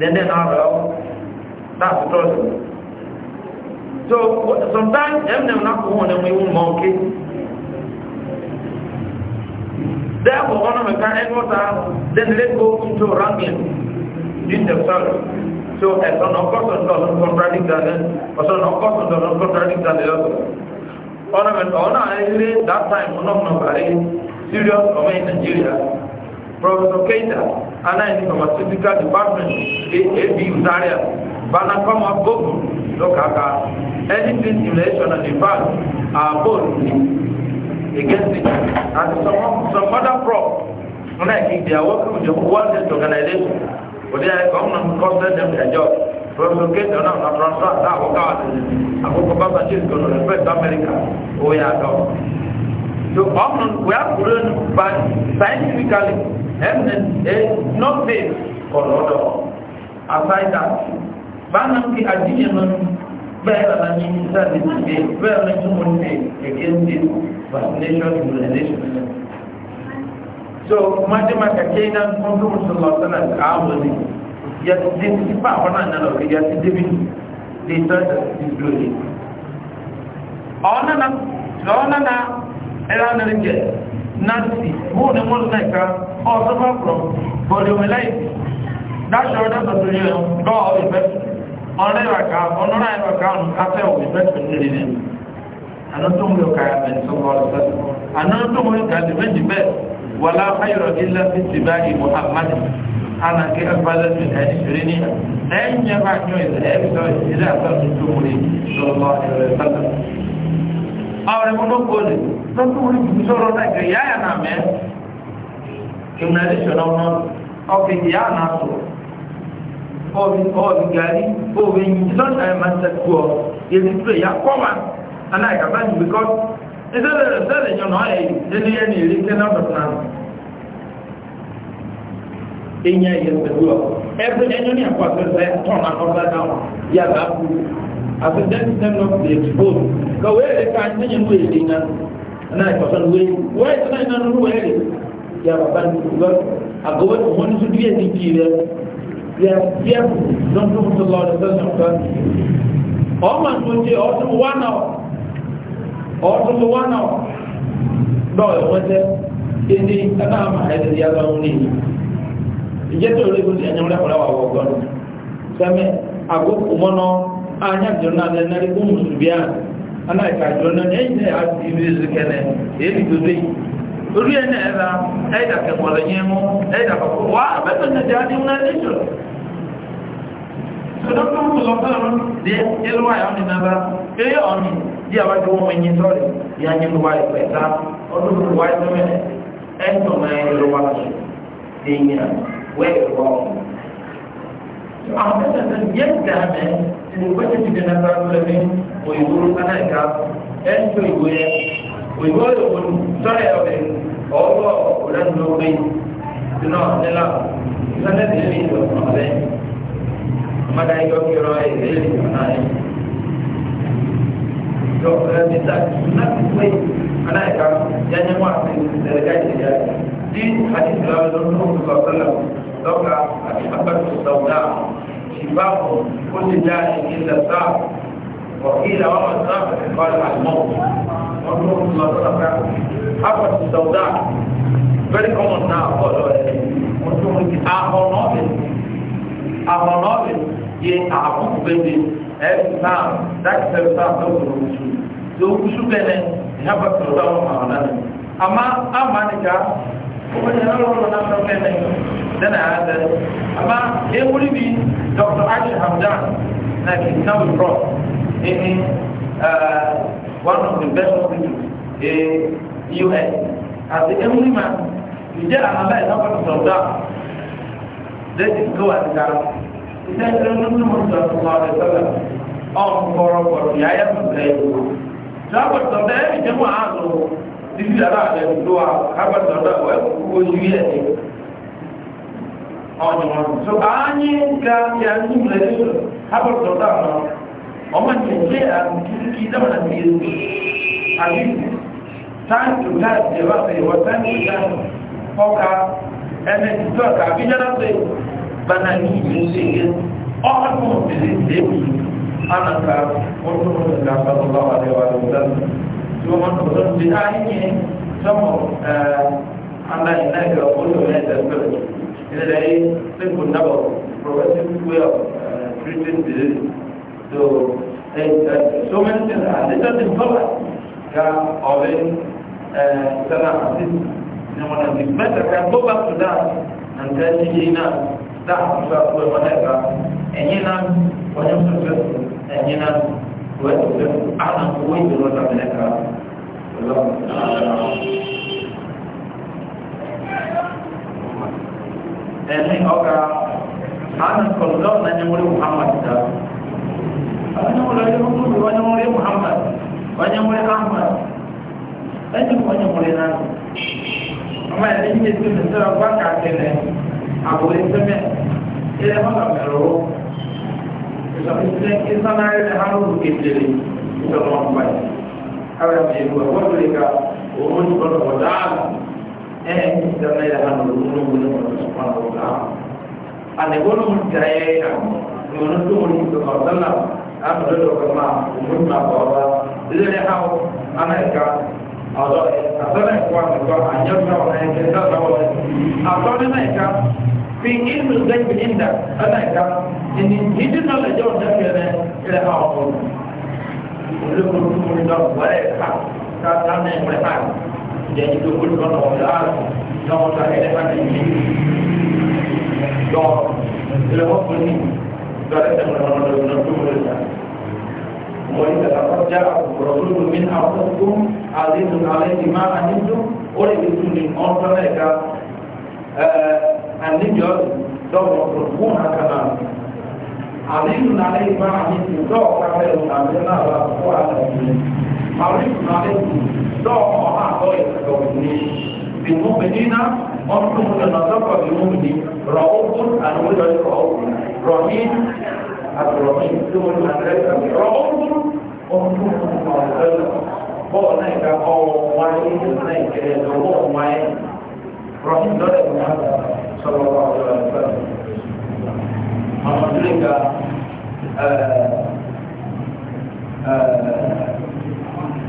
dẹ́ndẹ́ náà rẹ̀ that's the trust so sometimes ẹ̀mìnà náà kò wọ́n ẹ̀mọ̀ ìwọ̀n mọ́ therefore one of the kind ẹni then let go into wrangling in themselves so ẹ̀sọ́ náà kọ́sọ̀ doesn't contradict that ọ̀sọ̀ náà kọ́sọ̀ doesn't contradict that the other ọ̀nà ọ̀nà àìlè that time ọ̀nà ọ̀nà àìlè serious ọmọ in Nigeria Professor Keita aláìní pharmaceutical department ab zaria banakama gbogbo lọ́kàkà anything in relation to the bank are both against it and some, some other prop like they are working with the world health organization but they are come and cost them their job relocate them now transfer that work out àkókò bá chief ṣe ìkọlù respect america ó oh, yà So often we have grown by scientifically evidence eh, is not based on order. Aside that, Banam the addition better than you said it today, better than someone said against this vaccination immunization. So, Majima Kakena, Muhammad Sallallahu Alaihi Wasallam, Awali, yet this is part of one another, yet it didn't, they started this building. Onana, Onana, ẹlẹ́nàríkẹ̀ nancy mú ní mú nìka ọ̀sọ́fà from boliomilite dáṣọ ọdọ́ tọ́tọ́ yẹn lọ́ ìfẹ́ ọ̀rẹ́ ìwàká ọ̀nọ́rọ̀ ìwàká ọ̀nù afẹ́ òwúfẹ́ tẹ̀lé ní àná tó mú ọkà ẹ̀mẹ́sọ́kọ̀ ọ̀sẹ̀ àná tó mú ọkà ẹ̀mẹ́jì bẹ́ẹ̀ wàlá ayọ̀rọ̀ ilẹ̀ fi ti báyìí muhammad ana ke agbada tun ẹni ṣeré ní ẹ̀yìn yẹn bá yọ ìlẹ̀ ẹ̀rí sọ ìṣẹ̀lẹ̀ àtọ́ tuntun mú ní lọ́lọ́ ẹ̀rọ ìsọ́lọ́ awore mondo kole tonto uri bisoro na ke yaya na me kimnalisho na ono oke ya na so obi obi gari obi nyiso na ma se ko ye ni pre ya koma ana ka ban because ezele ezele nyono ai ni ni ni ri ke na do na enyi ayé pẹ̀lú ọ ẹgbẹ́ ẹni ní àkọsẹ̀ sẹ́ tọ́nà ọ̀gá náà yàrá kú àti dẹ́kítẹ́ náà fi expose kọ̀wé èrè ká ní ìlú èdè náà náà ìkọ̀sẹ̀ ló wéyé wọ́n ètò náà iná nínú wẹ́ẹ̀rẹ̀ yàrá bá ní ìlú àgọ́wé tó wọ́n ní sùn díẹ̀ ní kiri rẹ̀ yẹ yẹ lọ́dún tó lọ ọ̀dọ̀ sẹ́sẹ̀ ọ̀ma tó ń jẹ ọdún wọn náà ọdún wọn náà dọ̀ọ̀ ẹ̀wọ́n jẹ́ ẹni ẹ̀ náà máa ẹ̀ ìjẹ́ tó lè gbóṣe ẹ̀yàn rẹ̀ pọ̀lá wà wọ̀ gbọ́nù sẹ́mi àgókò mọ́nà anyájọ náà lẹ́ náà kó mùsùlùmí à aláìka àjọ náà ní ẹ̀yìn náà ti ibi ìṣe kẹlẹ̀ èyí tó dé orí ẹ̀ náà ẹ̀ra ẹ̀dà kẹ̀kọ̀lẹ̀ yẹn mú ẹ̀dà kọ̀kọ̀ wá abẹ́tọ̀ náà jẹ́ adé múná lẹ́jọ́ sọdọ́kọ̀ mú lọ́kọ̀ọ́rọ́ dé ẹlú àyọ̀ ní nàbà eré ọ̀nì bí àwọn ẹgbẹ́ wọn ẹ̀yìn sọ́ọ̀rẹ̀ bí where wrong. Apa ah, yang terjadi dalam ini, semua jenis jenis peraturan ini, Uyghur mana yang kau, entah Uyghur, Uyghur itu pun saya ada, Allah bukan nabi, tidak ada lah, sana dia ni tu, ada, mana yang kau kira ini, mana yang, kau pernah minta, mana tu pun, mana yang kau, jangan muat, terkait dengan, di hadis dalam dunia untuk kau الثورة الحبة السوداء شفاء كل داء إلا الساعة وقيل وما الساعة قال الموت وانظر الله صدق حبة السوداء very common now for the ọdún ahọ́nọ́bìn ahọ́nọ́bìn yẹ àbúgbẹ́dẹ ẹ̀ẹ́dá dákítẹ́rẹ́sà lọ́sọ̀rọ̀ oṣù tó oṣù bẹ́ẹ̀ ní ìhábàtọ̀ ọ̀dọ́ àwọn àwọn náà àmọ́ àmàlẹ́ka kuma da yawon wani na kan kai nan dana ya da amma ya wuri bi dr ashi hamdan na kinabu cross in one of the best hospitals in us as the only man ìjẹ́ àmàlà ìlọ́pàá sọ̀dá lẹ́sì tó wà nígbà iṣẹ́ ìrẹ́nu ní mo sọ fún ọ̀rẹ́ sọ́dọ̀ ọ̀n kọ̀rọ̀kọ̀rọ̀ yáyà fún ìrẹ́ ìlú. Sọ́kọ̀ sọ̀dá ẹ̀ títí dára àtẹ̀kù tó wà kábàtà ọ̀dà wà kúkú ojú yẹ̀ ni ọ̀nà so àányí ga ya ní ìrẹ̀lẹ̀ kábàtà ọ̀dà wà ọmọ ìjẹ̀jẹ̀ àti kí dáwọn àti èrò àti táǹkì táǹkì ẹ̀wà fẹ̀ ìwọ̀ táǹkì táǹkì ọkà ẹni tó ọkà àbíjára pé bana ní ìlú ṣe yẹ ọkà tó ń bèrè lẹ́yìn ánàkà ó tó ń bèrè domin mutum bi ta yi ne samu Allah ya nage wa kullum ya tafi ina da yi sun kunna ba progressive way of uh, so many things are little things for us oven sana assist you know when it's better can go back to that and tell you you know that is what we want to have and you know when you're successful and you know when ẹni ọ̀gá àwọn kọ̀lọ́ na ni wọ́n muhammad dá àwọn ọ̀gá yóò tún bí wọ́n wọ́n muhammad wọ́n wọ́n ahmad ẹni wọ́n wọ́n náà ọmọ ẹni yìí ti fi sọ́ra wá kàkiri àbúrò sẹ́mẹ̀ ilẹ̀ wọn lọ mẹ́rọ ìsọ̀rọ̀ ìsọ̀rọ̀ ìsọ̀rọ̀ ìsọ̀rọ̀ ìsọ̀rọ̀ ìsọ̀rọ̀ ìsọ̀rọ̀ حول مجيبها وذلك ومن سبحانه وتعالى إن سمي لها نظرون من سبحانه وتعالى أن يكون مستعيشا ونسو من سبحانه وتعالى أما ذلك كما ومن ما قال لذلك حاول أنا إكا أصلا إخوان إخوان أن يرجع وأن يكتب أصلا أنا إكا في علم الغيب عندك أنا إكا إن هدنا لجوز ذلك إلى حاول olùkọ́ tó mú lọ wọlé ká ká sáńdé ìwé náà jẹ́ ìdó olùkọ́ náà wọlé àrùn náà wọ́n sọ ẹ̀rẹ́ máa tẹ̀lé lọ ilé wọn fún mi lọ́dẹ tẹ̀lé wọn lọ́dẹ wọn tó mú lọ. Mọ̀lẹ́ tẹ̀lé akọ́jà rọ̀lú mi náà fún fún àlejò àlejò máa àníjó ó lè fi tún ní ọ̀dọ́ náà ká àníjọ́ lọ́wọ́ fún fún àkàlà àbíkù nàlẹ́ ìgbà àbíkù dọ́ọ̀kọ́ abẹ́rù tàbí náà wà fún àtàkùn àbíkù nàlẹ́ ìgbà dọ́ọ̀kọ́ àtọ́ ìtàkùn ní bìmúbìnínà ọdún ìrànlọ́pọ̀ bìmúbìní rọ̀ọ́kùn àdúgbò rọ̀ọ́kùn rọ̀mín àti rọ̀mín tó ń lọ rọ̀ọ́kùn ọdún ìrànlọ́pọ̀ bọ́ọ̀ náà ìka ọwọ́ wáyé náà ìkẹrẹ lọ́wọ́ wáyé rọ̀mín lọ́dẹ̀ àwọn tó lè ga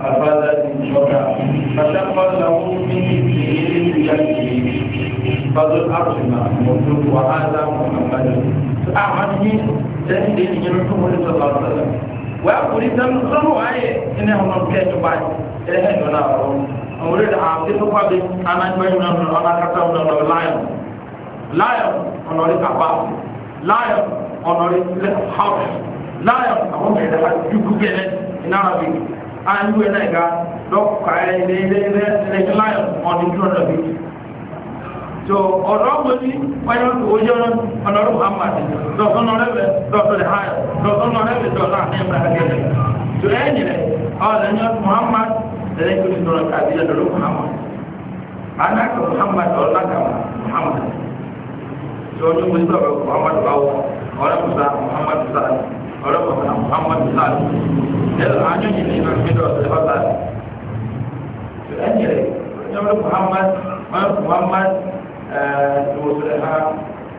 àbádá ìjọba pàṣẹpàá làwọn ní ìdílé ìyáàgbé bàtò àtùmá mọ̀tò wàhálà mọ̀tàbàdà àwọn ní sẹ́yìn lè yẹn tó wọlé sọ̀rọ̀ àtàlà wàá kúrì sẹ́nu sọ́nù ayé ẹni àwọn kẹ́ẹ̀tù báyìí ẹ̀hẹ́ ìjọba àwọn àwọn orí àwọn tí tó pàdé anájúmọ́ ìrìnàmọ́ ọ̀nà kátà ọ̀nà ọ̀nà láyọ̀ láyọ̀ ọ̀nà orí kàpá láyọ̀ ọ̀nọ̀rẹ́ ilẹ̀ house láyọ̀ àwọn mẹ̀rẹ̀ àdúgbò gẹ̀rẹ́ iná rabi ayélujú ẹ̀ náà ga lọ́kọ̀ ayé ilé ilé ilé ilé láyọ̀ ọ̀nì dúró rabi. tó ọ̀dọ́ gbèsè wáyé ojú ọ̀nọ̀rẹ́ muhammad dọ̀tọ̀nọ̀rẹ́bẹ̀ dọ̀tọ̀lẹ̀ hayọ̀ dọ̀tọ̀nọ̀rẹ́bẹ̀ dọ̀tọ̀ àti ẹ̀mẹ̀rẹ̀ gẹ̀rẹ́ lọ́jọ́ mo ní sọ̀rọ̀ muhammadu bawo ọ̀rẹ́ musa muhammadu sani ọ̀rẹ́ musa muhammadu sani ẹ̀rọ anyo yìí ní ìlànà mídọ̀ ọ̀sẹ̀ bá sani ẹ̀jẹ̀rẹ̀ ọ̀rẹ́ muhammad ọ̀rẹ́ muhammad ẹ̀ẹ́dọ̀sẹ̀ ha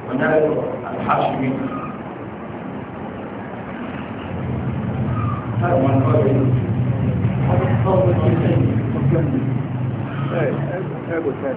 ọ̀nyẹ́rẹ́ alhashimi. Hey, hey, hey, what's that?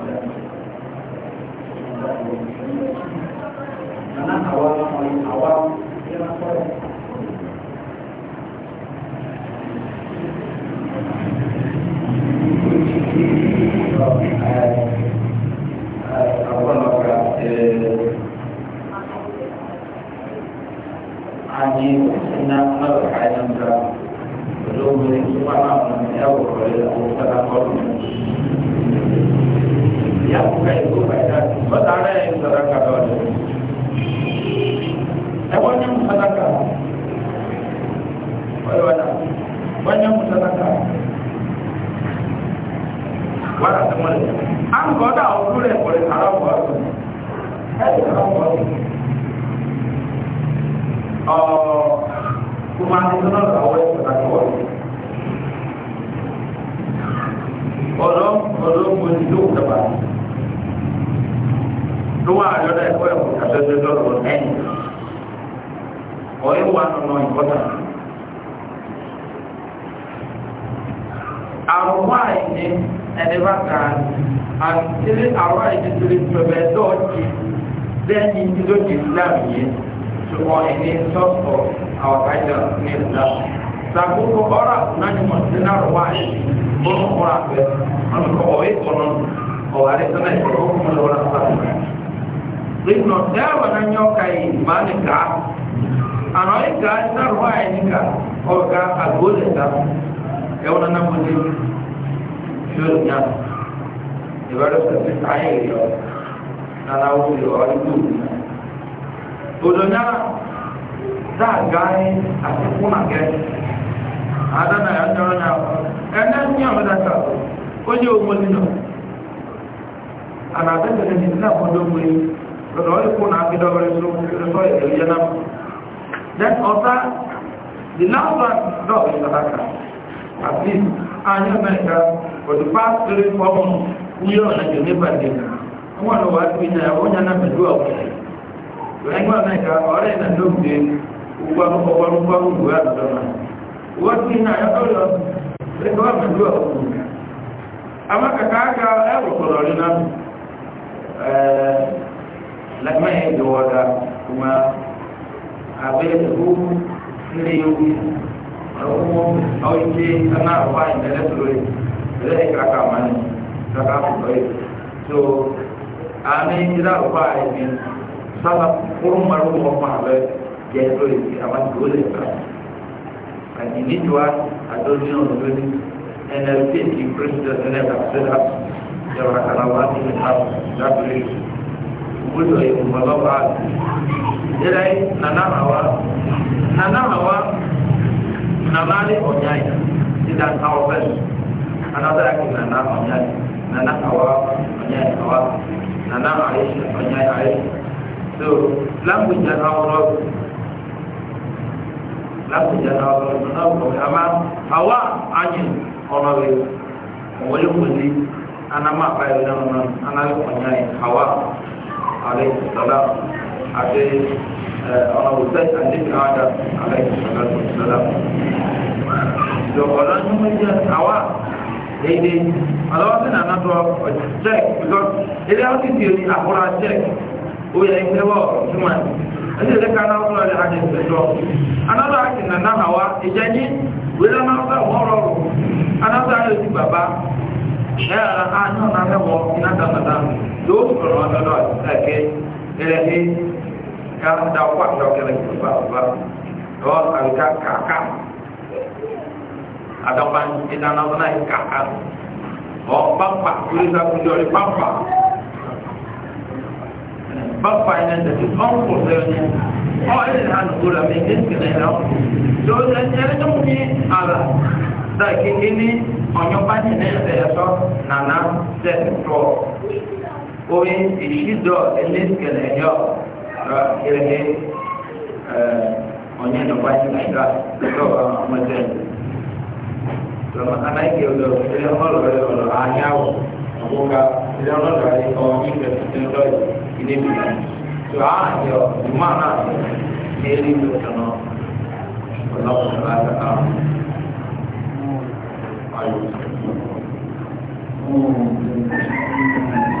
karena awal paling awal dia korek apa maka ani senang merhayam dah belum berikut malam yang jauh dari ya kuka yi kuka yi ba tare da yin sadaka da wani ta wajen sadaka wani wata wajen sadaka wata ta mara an gọdọ àwọn olú rẹ kọrẹ aráwọ ọdún ní sọlọ àwọn ẹ lọ́jọ́ kò lẹ́yìn ọ̀rẹ́ wà nínú ìkọ́tà. àwọn àìní ẹni bá kàá àtìrí àwọn àìní torí pẹ̀lẹ́ lọ́ọ̀kì lẹ́yìn tí ló di islam yìí ṣùgbọ́n ẹni sọ́ọ̀tọ̀ àwọn àìjọ ní islam. sàkókò ọ̀rọ̀ àkùnrin mọ̀ sí náà wà ní bọ́ọ̀kùnrin àgbẹ̀ ọ̀nà ọ̀rẹ́ kọ̀ọ̀nà ọ̀rẹ́ sọ́nà ìfọ̀rọ̀kùnrin lọ́wọ́ ibnu dawa na nyoka yi mani ka ano yi ka ta ruwa yi ni ka o ka a gole ta ya wani nan mutum shirin ya ibara su fi tsaye yi yau na na wuri o yi gudu odonya za a gani a cikin agari adana ya ndọrọ ya ẹnẹ ní àwọn dàkà ó yẹ omi nínú àná àbẹ́tẹ̀lẹ́ ní ìlànà ọdún mú yìí lọ́dọ̀ wọ́n kún náà gbẹ́dọ̀ rẹ̀ tó rẹ̀ ẹ̀rù yẹn náà then ọ̀tá the last one dog at least anyị america for the past three four months wúyọ̀ ọ̀nà jù ní bàjẹ́ wọn lọ wá sí ìjà ẹ̀wọ́n yẹn náà mẹ́lú ọ̀kẹ́ lẹ́yìn america ọ̀rẹ́ ìnà lóògbé ugbo akọkọ wọn ugbo akọkọ wọn àtọ̀dọ̀ náà wọ́n ti ní àyọ̀kọ́ lọ lẹ́kọ̀ọ́ lamai da wada kuma abin da hukun sire yau kuma auke ana amfani da laturori da zai kaka mani ta kafin bai so a ne gida a kwa a yi sala kurun maru kuma ba ya yi dole a wani dole ba a individual a dole yin dole nlp ki president ne da su da yawon gbọdọ ẹkùn bàbá wa yẹlẹ nana hawa nana hawa nana ni ọjà yìí dídá àwọn bẹẹ anadá yà kí nana ọjà yìí nana hawa ọjà yìí hawa nana àyè ọjà yìí àyè so language yẹn àwọn ọlọ́ọ̀ language yẹn àwọn ọlọ́ọ̀ àmà hawa anyin ọlọ́ọ̀ yìí wọlé wọlé anamọ àbáyọ náà anamọ ọjà yìí hawa. عليه السلام àti ọ̀nà òṣèlú àdébì àádá عليه السلام ọ̀nà ní wọ́n jẹ́ àwa èdè ọlọ́wọ́ sí nàá check because ilé ọtí ti rí àkúrà check ó yẹ ẹgbẹ́ wọ̀ túmọ̀ ẹsẹ̀ ilé kan náà fúnra rẹ̀ àti ìṣẹ̀jọ́ anáwó àti nàná àwa ìjẹ́jì wíwẹ́ náà fẹ́ wọ́n rọrùn anáwó àti bàbá ẹ̀ àná àná ẹ̀wọ̀ ìnáta nàdá do kɔnɔ nɔnɔ ta kɛ ɛlɛ he ka da wa dɔ kɛlɛ kɛ ba ba dɔ an ka kaka a dɔ ban ina na mana ye kaka ɔ pampa kuli ka kuli ɔri ni ko la mɛ ɛn kɛlɛ yɛn ɔ do ɛlɛ tɛ mun ye a nana sɛ omi ìṣídọ̀ ẹlẹ́sìkẹ̀lẹ̀ ẹ̀yọ́ kẹrẹ̀kẹ́ ọ̀nyẹ́ nípa ìṣíra lọ́wọ́ ọmọdé lọ́mọ anáìkè ọ̀dọ̀ ilé ọlọ́rọ̀ ọ̀rọ̀ ayáwọ̀ ọ̀gbọ́gba ilé ọlọ́rọ̀ ayé kọ́ ìfẹ́ tuntun lọ́yọ̀ ilé ìgbà tó a yọ ìmọ̀ náà ní eré ìlú tọ̀nà ọlọ́kùnrin láti ká ayọ̀. Thank you.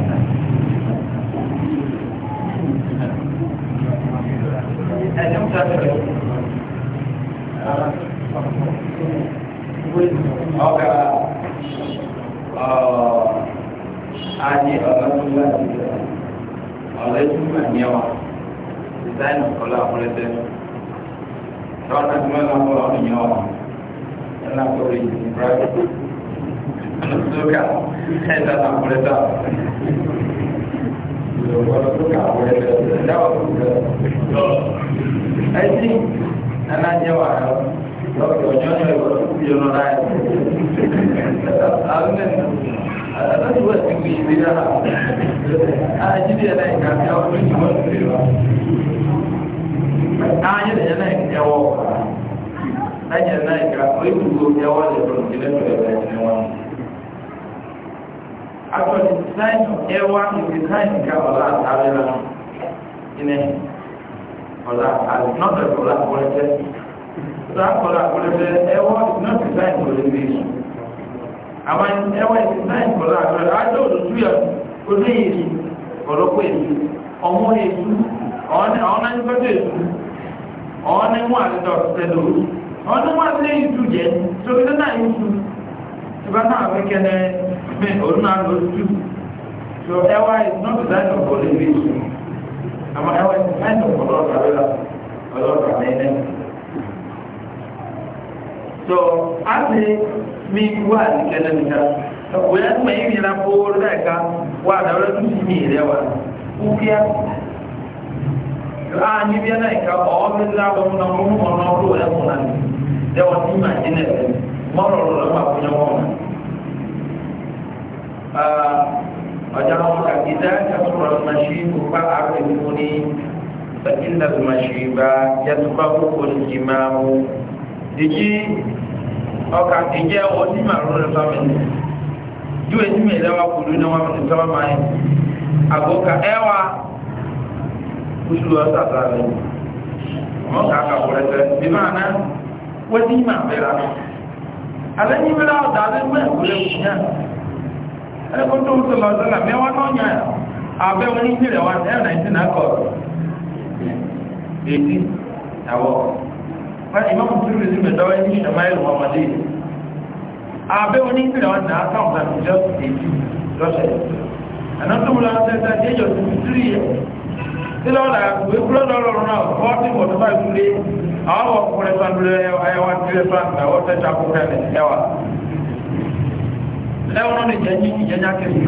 ẹwà ìdíkáìnì ká ọ̀la àtàrí rẹ̀ nù ọla ọ̀la àtàrí nọ́ọ̀tẹ̀ ọ̀la àkọlẹ́tẹ̀ ọ̀la àkọlẹ́tẹ̀ ẹwà ìdíkáìnì kò bí èso àwọn ẹwà ìdíkáìnì kò lè àjọ òdòdó yà ó lé ọ̀lọ́pọ̀ èso ọmọ èso ọ̀nà ìfẹ́tẹ̀ èso ọ̀nà ìmú àtẹ̀tẹ̀ So Ewa is not designed for prohibition. Ama Ewa is designed for Allah Ta'ala, Allah Ta'ala. So, ati mi wa ni kene ni ka. Oya ma yi la por da ka wa da ra tu mi re wa. Ukiya. Ah ni bi na ka o mi la ba mu na mu mo na ro ya mo na ni. Da wa ti ma ni ne. Mo ro ro ma ku nya mo na. Ah ọjọ́ ìdá kẹsùrọ̀ màṣíbù bá àfihàn ní fẹ̀yìnlá màṣíbà yẹtùbá kókò ní ìmáàmù ìjì ọkà ìjẹ́ ọtí màrún rẹ̀ fámìlì yóò ètí mi ìlẹ́wà kùdú ní wọn fi sọ́wọ́ máa yẹn àgọ́kà ẹwà kùsù ọ̀sàtà rẹ̀ wọn kà kà kùrẹ́sẹ̀ bí máa ná wọ́n ti máa bẹ̀rẹ̀ alẹ́ yìí bí láwọ̀ dàbí mẹ́rin kùrẹ́ kùnyà ẹkọ́ tó ń sọ̀rọ̀ ọ̀sọ́là mẹ́wàá náà yàn abẹ́ wọn ní ìjìnlẹ̀ wa ẹ̀rọ náà ìjìnlẹ̀ akọ̀ èdè àwọ̀ wọ́n ìmọ̀ kò tún lùsí mẹ́ta wọ́n ní ìṣẹ̀má ìlú ọmọdé abẹ́ wọn ní ìjìnlẹ̀ wọn náà kàn fún àtijọ́ èdè lọ́sẹ̀ àná tó múlá sẹ́ta dé ìjọ tuntun tírì yẹ sílọ́ọ̀lá ìwékúrọ́ lọ́rọ̀ náà fọ́ọ̀tì wọ̀tọ́fà ìkúlé àwọn ọkùnrin sọ́ndúrẹ́ ẹ̀wà tìrẹ́sọ́ àgbà wọ́n tẹ́ta kúkẹ́ ẹ̀wà lẹ́wọ́n ní jẹ́ ìjẹ́já kẹfì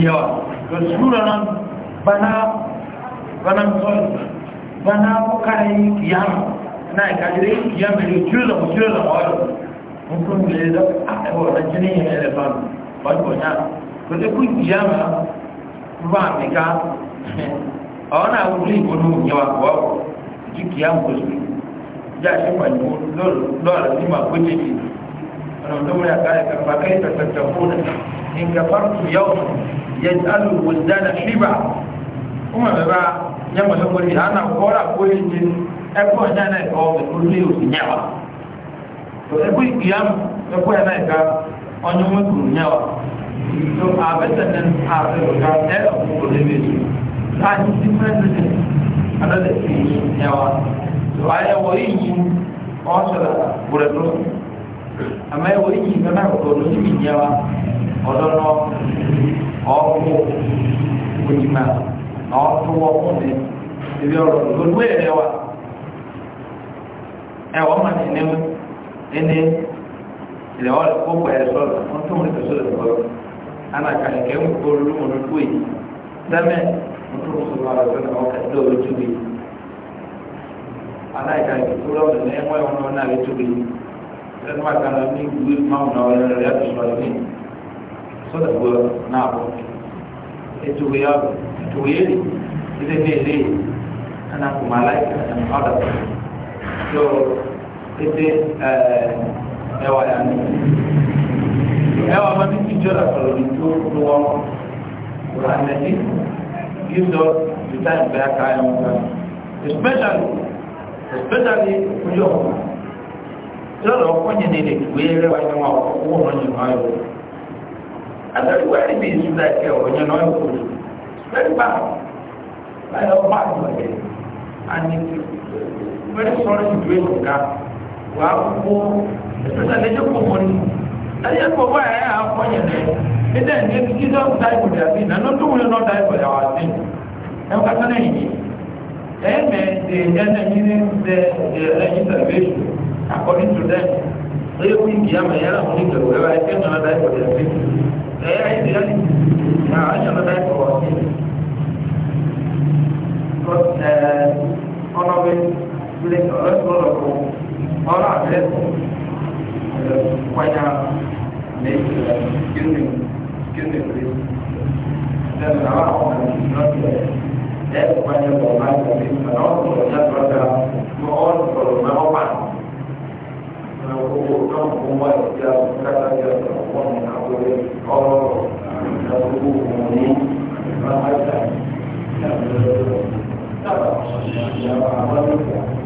fẹ́ wa bana bana bana nkun le dɔ ɛwɔ ɛgyini yɛ ɛlɛfa no ɔnyɔnya kodeku yama ba mika ɔna wuli onu nyewa wɔ ti kia ngosu ya se panyuo lɔɔre ti ma ko tete ɔna ɔdɔm yɛ ka yɛ ka fa kɛ pɛpɛpɛ funa nka farko yawo yɛ alu wodana fiba kuma bɛ ba nyɛ mɔlɛ kori ana kɔra kori ti ɛkɔ nyɛ na ɛkɔ ɔbɛ kori yɛ o ti nyɛ wa to ebu ikiyam ebu ya na ka onye nwe kuru nyawa to abetanen abe ka e ọkụkọ na ebe su ka anyị si mmadụ another thing nyawa to anyị wọ iyi ọsọra gburedo ama ewo iyi nana ọdọ n'oyibi nyawa ọdọ nọ ọkụ onyima na ọtụwọ ọkụ ebi ọrụ ọdọ n'oyibi nyawa ẹwọ mmadụ n'enwe ini ilẹ̀ wọn kó pọ̀ ẹ̀ sọ̀rọ̀ wọn tó wọn sọ̀rọ̀ sọ̀rọ̀ ana kàlẹ́ kẹ́ ń kó lómo ló kó yìí dẹ́mẹ̀ wọn tó wọn sọ̀rọ̀ àwọn ọ̀sán àwọn kẹ́tẹ́ lórí tó bi ana ìka ìkókó lọ́wọ́ ní ẹ̀wọ̀n ẹ̀wọ̀n náà lórí tó bi lẹ́nu wa kan ní ìwé máwùn náà wọlé rẹ̀ yàtọ̀ sọ̀rọ̀ mi sọ̀rọ̀ gbọ́ náà bọ̀ ètò ìyá tètè eh, ẹwà yà ni ẹwà máa ní kíjọ àkọlọ ní tó tó wọn kúrò àtẹjí yìí sọ ìta ìgbé aka ẹ̀ wọn kan especially especially ojú ọ̀pọ̀ lọ́dọ̀ ọkọ̀ yẹn ní ìdèkùwé rẹwà yẹn wọn ọkọ̀ wọn yẹn wọn ayọ̀ àtẹ̀jú wẹ́rẹ́ bí ìsúná ẹ̀kẹ́ ọ̀yẹn náà yóò kó lù very bad báyọ̀ bá àgbọ̀dẹ̀ and it's very sorry to situation ká wàá kó ẹ̀sọ́sà lẹ́jọ́ kò mọ́ ni ẹ̀yẹ́ kò wá ẹ̀ á kọ́ yẹn lẹ́ ẹ̀dẹ́ ní jíjọ́ dáìbò dà sí ìnáná tó wúlò náà dáìbò dà wà sí ẹ̀ ká sọ́nà yìí ẹ̀ mẹ́ ẹ̀ ẹ̀dẹ́ yìí ń tẹ ẹ̀yìn salvation according to them ẹ̀yẹ́ kú ìgbì àmà yàrá òní kẹ̀kọ́ ẹ̀ ẹ̀ kẹ́ náà dáìbò dà sí ẹ̀yẹ́ ayé ọ̀nà bẹ lẹ́kọ̀ọ́ lọ́kọ̀ọ́ Ahora hacer cuaya ley quién de frío. Hacer trabajo en la ya es cuaya normal de frío, no como ya lo haga, no por lo menos más. No como ya lo haga, ya lo pone a poder, o ya lo hubo como ni, no hay tal. Ya lo haga, ya lo haga, ya lo haga,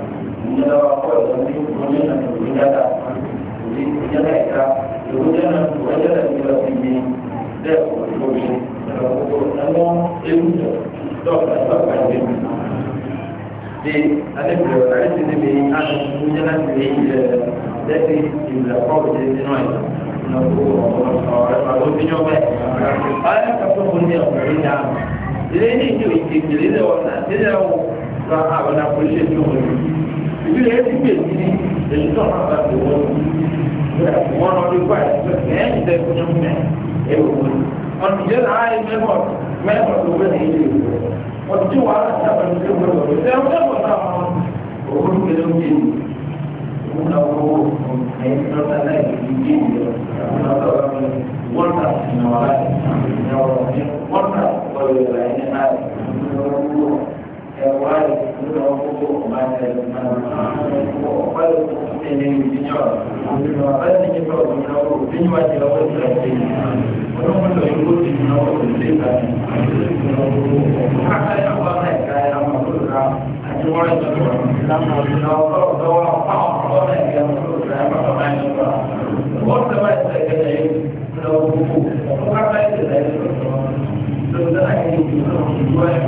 ìjọba ọkọ̀ ìjọba ìjọba ìjọba ìjọba ìjọba ìròyìn náà kò wáyé láti lọ sí ní lẹ́ẹ̀kọ́ ìròyìn ìrọ̀kọ́ àwọn ewúrẹ́ dọ́kítà ìgbàgbà ìwé mi. Bí adébìrò àìsí níbi àti ìwúyẹ́ láti lè yẹ lẹ́sí ìwúlẹ̀ ọ̀pọ̀ ìdí nínú ẹ̀ ìnáwó ọ̀rọ̀ àwọn obìnrin ọ̀bẹ. Báyọ̀ kàfọ́ mo ní ọ̀pẹ̀rẹ̀ ní àná. Ilé ní ìjọ ìkejì lé lẹ́wọ̀n ìbílẹ̀ ẹ̀sìn pè sí èyí tó máa bá ti wọ́n sí wọ́n lọ nípa ẹ̀sìn ẹ̀yìn tẹ́ fún yín mẹ́ ẹ̀wọ̀ wọn. ọ̀nìjẹ́ náà ayé mẹ́mọ̀ mẹ́mọ̀ tó wẹ́ ní ilé ìwé ọ̀nìjẹ́ wà á sábà ní ilé ìwé ọ̀nìjẹ́ mẹ́mọ̀ náà mọ̀ òun kẹlẹ́ ń jẹ́ òun náà wọ́n ẹ̀yìn tó náà náà ìdí jẹ́ ìjọ جوال كله وقوه ما يلزمه وقبل المؤمنين بجوار وقبل جبر من أول بن واجه أول ثلاثين ونقل يقول من أول ثلاثة حتى يقول لك يا مقول أجوار الجبر لما يقول دواء طعم ولك يا مقول يا مقول وقتما يتكلم لو وقتما يتكلم لو ذلك يقول لك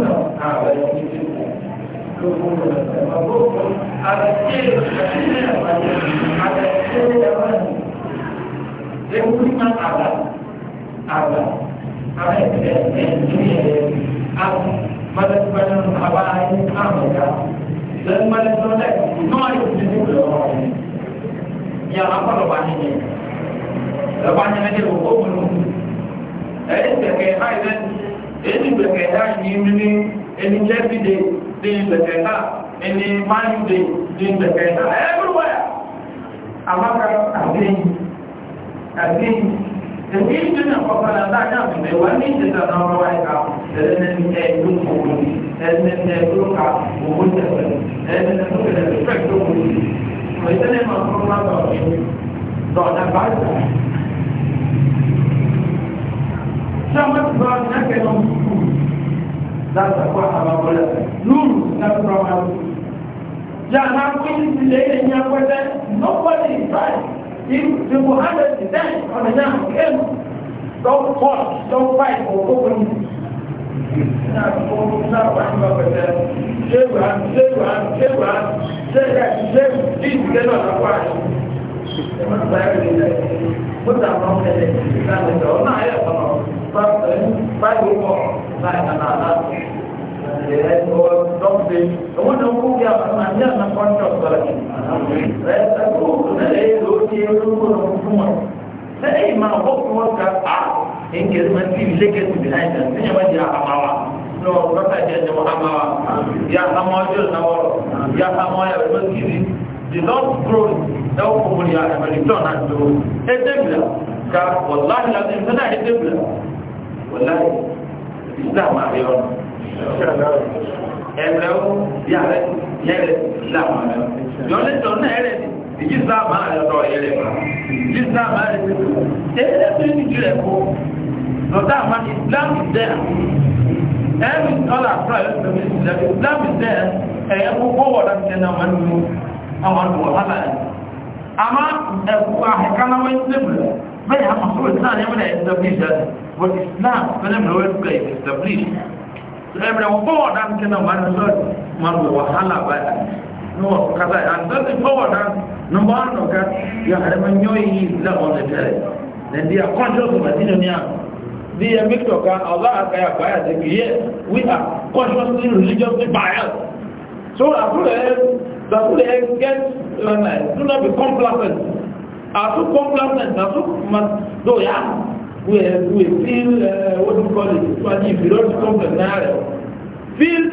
Ẹni gbẹ̀kẹ̀ láì ní ẹni jẹ́ fíde doing zakata, in the man day doing zakata, everywhere. Amaka again, again. The reason of Papala Daka, the one is the number one cup, the enemy a group of women, the enemy a group of women, the enemy a respect of women. So it's the name of Papala Daka, Dona Balsa. za ta kwa ababola nuru na kurawa ya na kwenye zile ile nyakwete nobody is right if the Muhammad is dead on the name of don't talk don't fight or go with him na ko na ba ni ba pete sewu ha sewu ha sewu ha sewu ha sewu ti ti na na kwa ni ma ba ni le mo ta ma ko le na le do na ya ko ba ba ni ba ni ko láìka náà láti ẹ̀ ọ́ dọ́gbẹ́ òun náà kú bí àwọn àmì àmì kọ́ńtọ̀ sọ̀rọ̀ ẹ̀ ẹ̀ kú lẹ́yìn ló ti olóko lọ fún wọn lẹ́yìn máa wọ́n fún wọn ká a ẹ̀ńkẹ́ máa ti ilé kẹ́sì bí láìka níyẹn máa di àmàwà lọ lọ́tà jẹ́ ẹ̀jẹ̀ wọn àmàwà yà àmà ọjọ́ ìnáwọ̀rọ̀ yà àmà ọyà ìmọ̀ kiri the lord grow ẹ̀wọ̀n kò mú ya ẹ̀mẹ̀lì tọ́ náà tó ẹ̀ dẹ́gbẹ̀rẹ̀ ká wọ́n láti láti ẹ̀ islam àríwọ̀ ẹ̀rẹ̀ ó yàrẹ̀ yẹ́rẹ̀ islam àríwọ̀ yọ́lẹ́tọ̀ náà ẹ̀rẹ̀ ni islam àríwọ̀ yẹ́rẹ̀ islam àríwọ̀ ẹ̀rẹ̀ tó ní jù rẹ̀ kó lọ́tà àmà islam is there every dollar price of islam islam is there ẹ̀yẹ gbogbo wọ̀dà ti tẹ̀lé àwọn ẹnu àwọn ọ̀hálà àmà ẹ̀kú àhẹ̀kánáwé ń tẹ̀lé bẹ́ẹ̀ àwọn sọ̀rọ̀ náà ní ẹ̀mẹ́rẹ̀ establish that but islam fẹ́lẹ́mì lọ́wọ́ ẹ̀kọ́ is establish ẹ̀mẹ́rẹ̀ wọ́n bọ́wọ̀ dá ní kẹ́nà máa ń sọ máa wọ wàhálà báyà ní wọ́n kàtà and so ti bọ́wọ̀ dá number one ọ̀gá yà àrẹ́mẹ́ yọ iye islam on the tẹ́lẹ̀ then they are conscious of ẹ̀dínà ní àná bí ẹ mẹ́tọ̀ ká ọlá àgbáyà báyà ti kì yẹ we are consciously religiously biased so àtúrẹ̀ ẹ̀ àtúrẹ̀ ẹ̀ get uh, do not be complacent are complement complacent, are so much, we, uh, we feel, uh, what we call it, if you don't complain feel,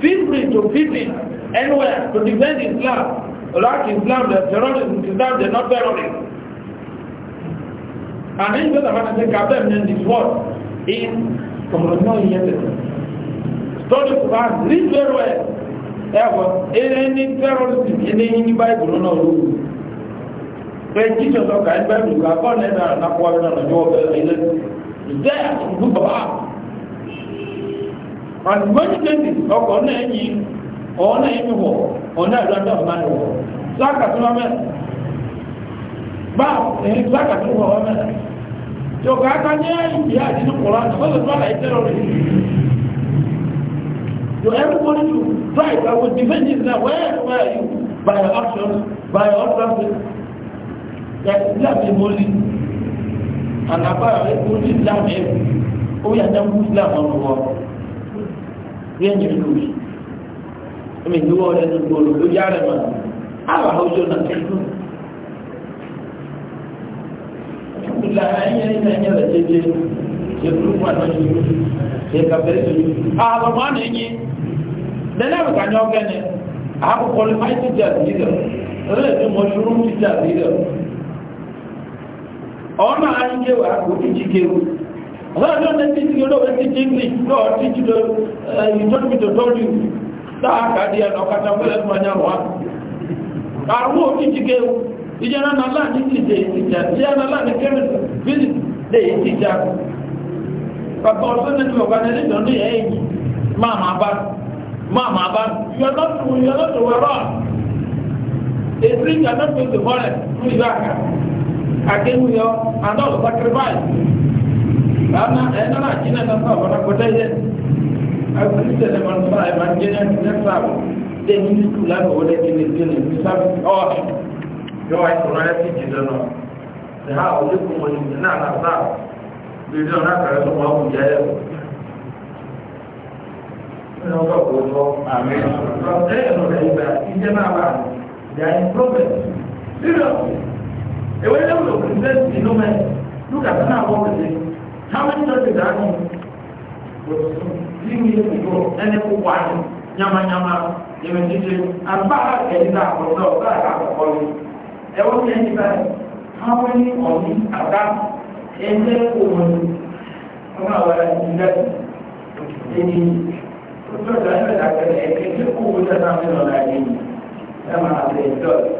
feel free to feel it anywhere to defend Islam. Like Islam, the terrorism, Islam, they're not terrorists. And then the man say, Kabem, then this word is from the non Study Quran, read very well. Therefore, any terrorism, any Bible, no, no, no. pé jíjọ tó ka ẹgbẹ́ mi ká bọ́ọ̀lù ẹ̀dá ànákọ́ ẹ̀dá ànájọ́ ọ̀bẹ ilé ìdẹ́ àtúntò bàbá àti mọ́jú kéde ọkọ̀ ọ̀nà ẹ̀yìn ọ̀nà ẹ̀yìn wọ̀ ọ̀nà ẹ̀dá àjọ ọ̀nà ẹ̀wọ̀ sáàkà tó wọ́n mẹ́ bá ẹ̀yìn sáàkà tó wọ́n mẹ́ tó ká ká ní ìdí àdínú kọ̀ọ̀lá tó wọ́n tó àlàyé tẹ́lọ̀ rẹ̀ So everybody to try. I will defend this now. Where, you? By your actions, by your utterances, islam ni mo li ànàbà rẹ kó ní islam yẹ ó yà dá kú islam ọ̀nà wọ bí ẹ̀yìn mi lò yìí ẹ̀mí ìdíwọ́ rẹ ní gbòòrò ló yá rẹ mọ́ àwọn àwùjọ náà ti dùn. alhamdulillah ẹ̀yìn ẹ̀yìn ẹ̀yìn rẹ̀ jẹjẹ ṣèkúrú fún àná yìí ṣèkàfẹ́ yìí àlọ́mọ́ àná yìí lẹ́lẹ́ àbùkà ní ọ̀gẹ́ni àbùkọ́ lè máa ti jà sí rẹ̀ lẹ́lẹ́ ìdí mọ̀ ṣúrú ti jà sí rẹ̀ ọmọ àyíkéwà kò ní jíkéwò ọlọ́dún ní ti jíkéwò lọ́wọ́ ti jíkéwì lọ́wọ́ ti jíkéwò ìjọ́mìtòtọ́rì láàkàdí ẹ̀nàkàtà fẹ́lẹ́sì Máàmà bá, máàmà bá, you're not, you're not the world. A drink cannot make the forest, please, I can't akéwìyọ adọ́lù sacrifice lánà ẹ̀nà náà kí náà sábà wọn akọta yẹ agbẹ̀ni tẹ̀lé wọn sábà ẹ̀ máa jẹ́ náà ní sábà dé ní sùkúl lánà wọlé kí ní kí ní ní sábà ọ̀ yọ wáyé kọ̀ọ̀rọ̀ ẹ̀ sì jì lọ́nà ẹ̀ ha òye kò wọ́n yìí náà náà sáà lórí ọ̀nà àkàrà tó wọ́n kù yẹ ẹ̀ ní ọjọ́ kò àmì ẹ̀ ẹ̀ lọ́dẹ̀ ìgbà ìjẹ́ náà wà ní And when they will present the woman, look at now what it is. How many churches are there? Three years ago, and they will watch nyama nyama yẹmẹ títí àgbà ẹ̀dínlá àkọ́dọ̀ ọ̀gá àkọ́kọ́ ni ẹ̀wọ́n ní ẹni báyìí àwọn ní ọ̀ní àgbà ẹ̀jẹ̀ òun ọmọ àwọn ìdílé ẹni tó tọ́jú ẹ̀mẹ́ta kẹlẹ̀ ẹ̀kẹ́ tó kó owó tẹ́ta mílíọ̀nù àyè ni ẹ̀ máa bẹ̀ẹ́ dọ́ọ̀tì.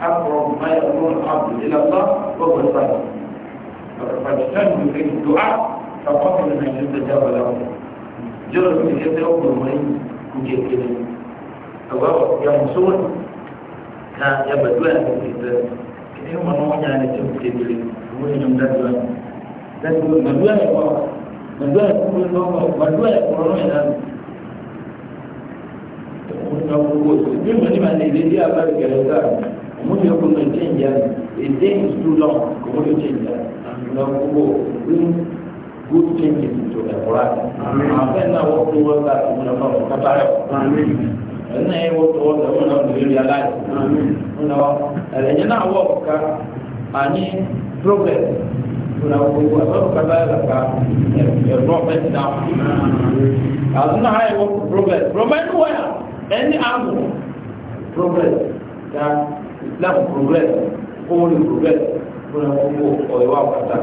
أقرب ما يكون العبد إلى الله وهو الصلاة فاجتنبوا في الدعاء فقبل أن يستجاب له جرد من يتوقع المريض مجددا Allah yang sun ka ya baduan kita ini maunya ada cukup dibeli kemudian yang baduan dan baduan apa baduan kemudian apa baduan kemudian na kuku ni mani ma ne dai ya bar ga da mu ne kun nan cin ya idan is too long ko mu cin ya na kuku in good changes to the Quran amen na wa ku wa ka mu na ba ka ta amen na ye wo to wa mu na mu ya la amen na wa ele na wa ka ani problem Problem. Problem where? any angle progress that Islam progress only progress fúnra gbogbo ọ̀yọ́ àpáta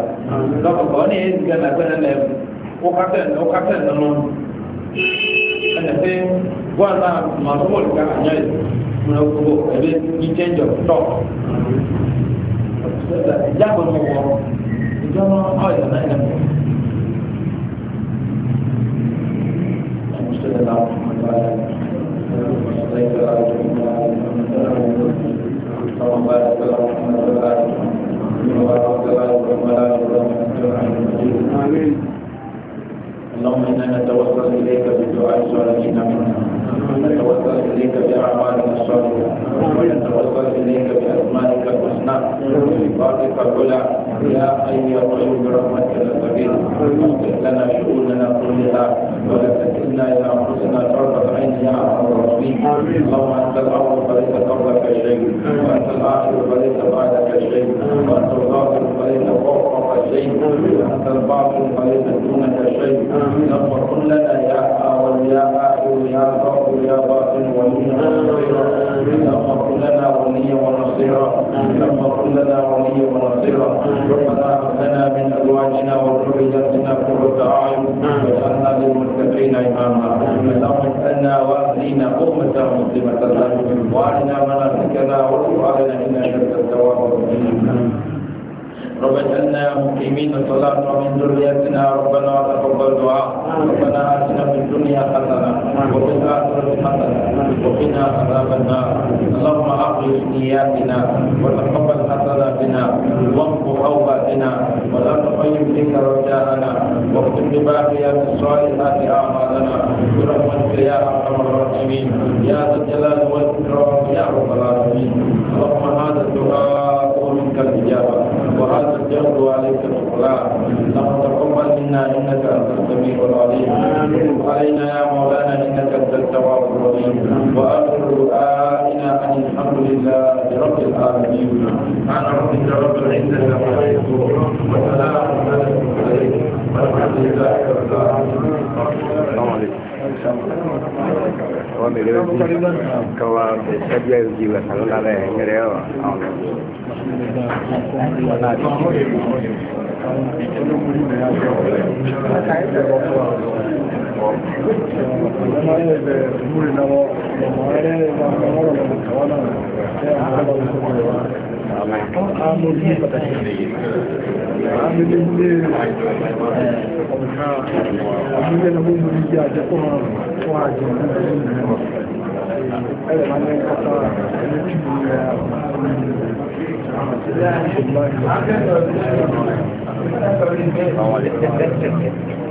lọ́kọ̀ọ̀kọ̀ ọ́ ní èyí ti gánà gbẹ́nà lẹ́mú ó kásẹ̀ ó kásẹ̀ nínú ẹnì pé bọ́ọ̀lù náà màtó wọ̀lù ká àyàn yìí fúnra gbogbo ẹ̀bí ní change of talk ìjábọ̀ ní wọ́n ìjọba ọ̀yọ́ náà yẹn mọ̀. Thank you. Amen. اللهم إنا نتوسل إليك بدعاء صالحين منا ونتوسل إليك بأعمالنا الصالحة ونتوسل إليك بأسمائك الحسنى وصفاتك العلى يا حي يا قيوم برحمتك الكبير اصلح لنا شؤوننا كلها ولا تكلنا إلى أنفسنا طرفة عين يا أرحم الراحمين اللهم أنت الأول فليس قبلك شيء وأنت الآخر فليس بعدك شيء وأنت الظاهر فليس فوقك شيء فالباطل فيثبتونك شيء نفر لنا يا والياء يا صرف يا باطل وليا ونصيرا نفر لنا وليا ونصيرا نفر لنا وليا ونصيرا ربنا هب لنا من ازواجنا وذرياتنا قرة اعين واجعلنا للمتقين اماما اللهم انا واهلينا امة مسلمة لنا وارنا مناسكنا وتب علينا انك انت التواب الرحيم رب مقيمين الصلاة ومن ذريتنا ربنا وتقبل دعاء ربنا آتنا في الدنيا حسنة وفي الآخرة حسنة وقنا عذاب النار اللهم أخرج نياتنا وتقبل حسناتنا واغفر أوقاتنا ولا تقيم بك رجاءنا واختم بباقيات الصالحات أعمالنا برحمتك يا أرحم الراحمين يا ذا الجلال والإكرام يا رب العالمين اللهم عليك الصلاة اللهم تقبل منا إنك أنت السميع العليم وتب علينا يا مولانا إنك أنت التواب الرحيم وآخر دعائنا أن الحمد لله رب العالمين سبحان ربك رب العزة عما يصفون وسلام على المرسلين والحمد لله ဟောမေလို့ဒီကဝါပဲဆက်ပြဲကြည့်ပါဆလုံးလာတဲ့ငရေရောအောင်ဘာသာရေးတဲ့မူရနာမောမာရဲဘာမောရောကဝါနာတဲ့အားလုံးကိုပြောပါ Àwọn ọ̀lẹ́sẹ̀ẹ́sẹ̀ẹ́sẹ̀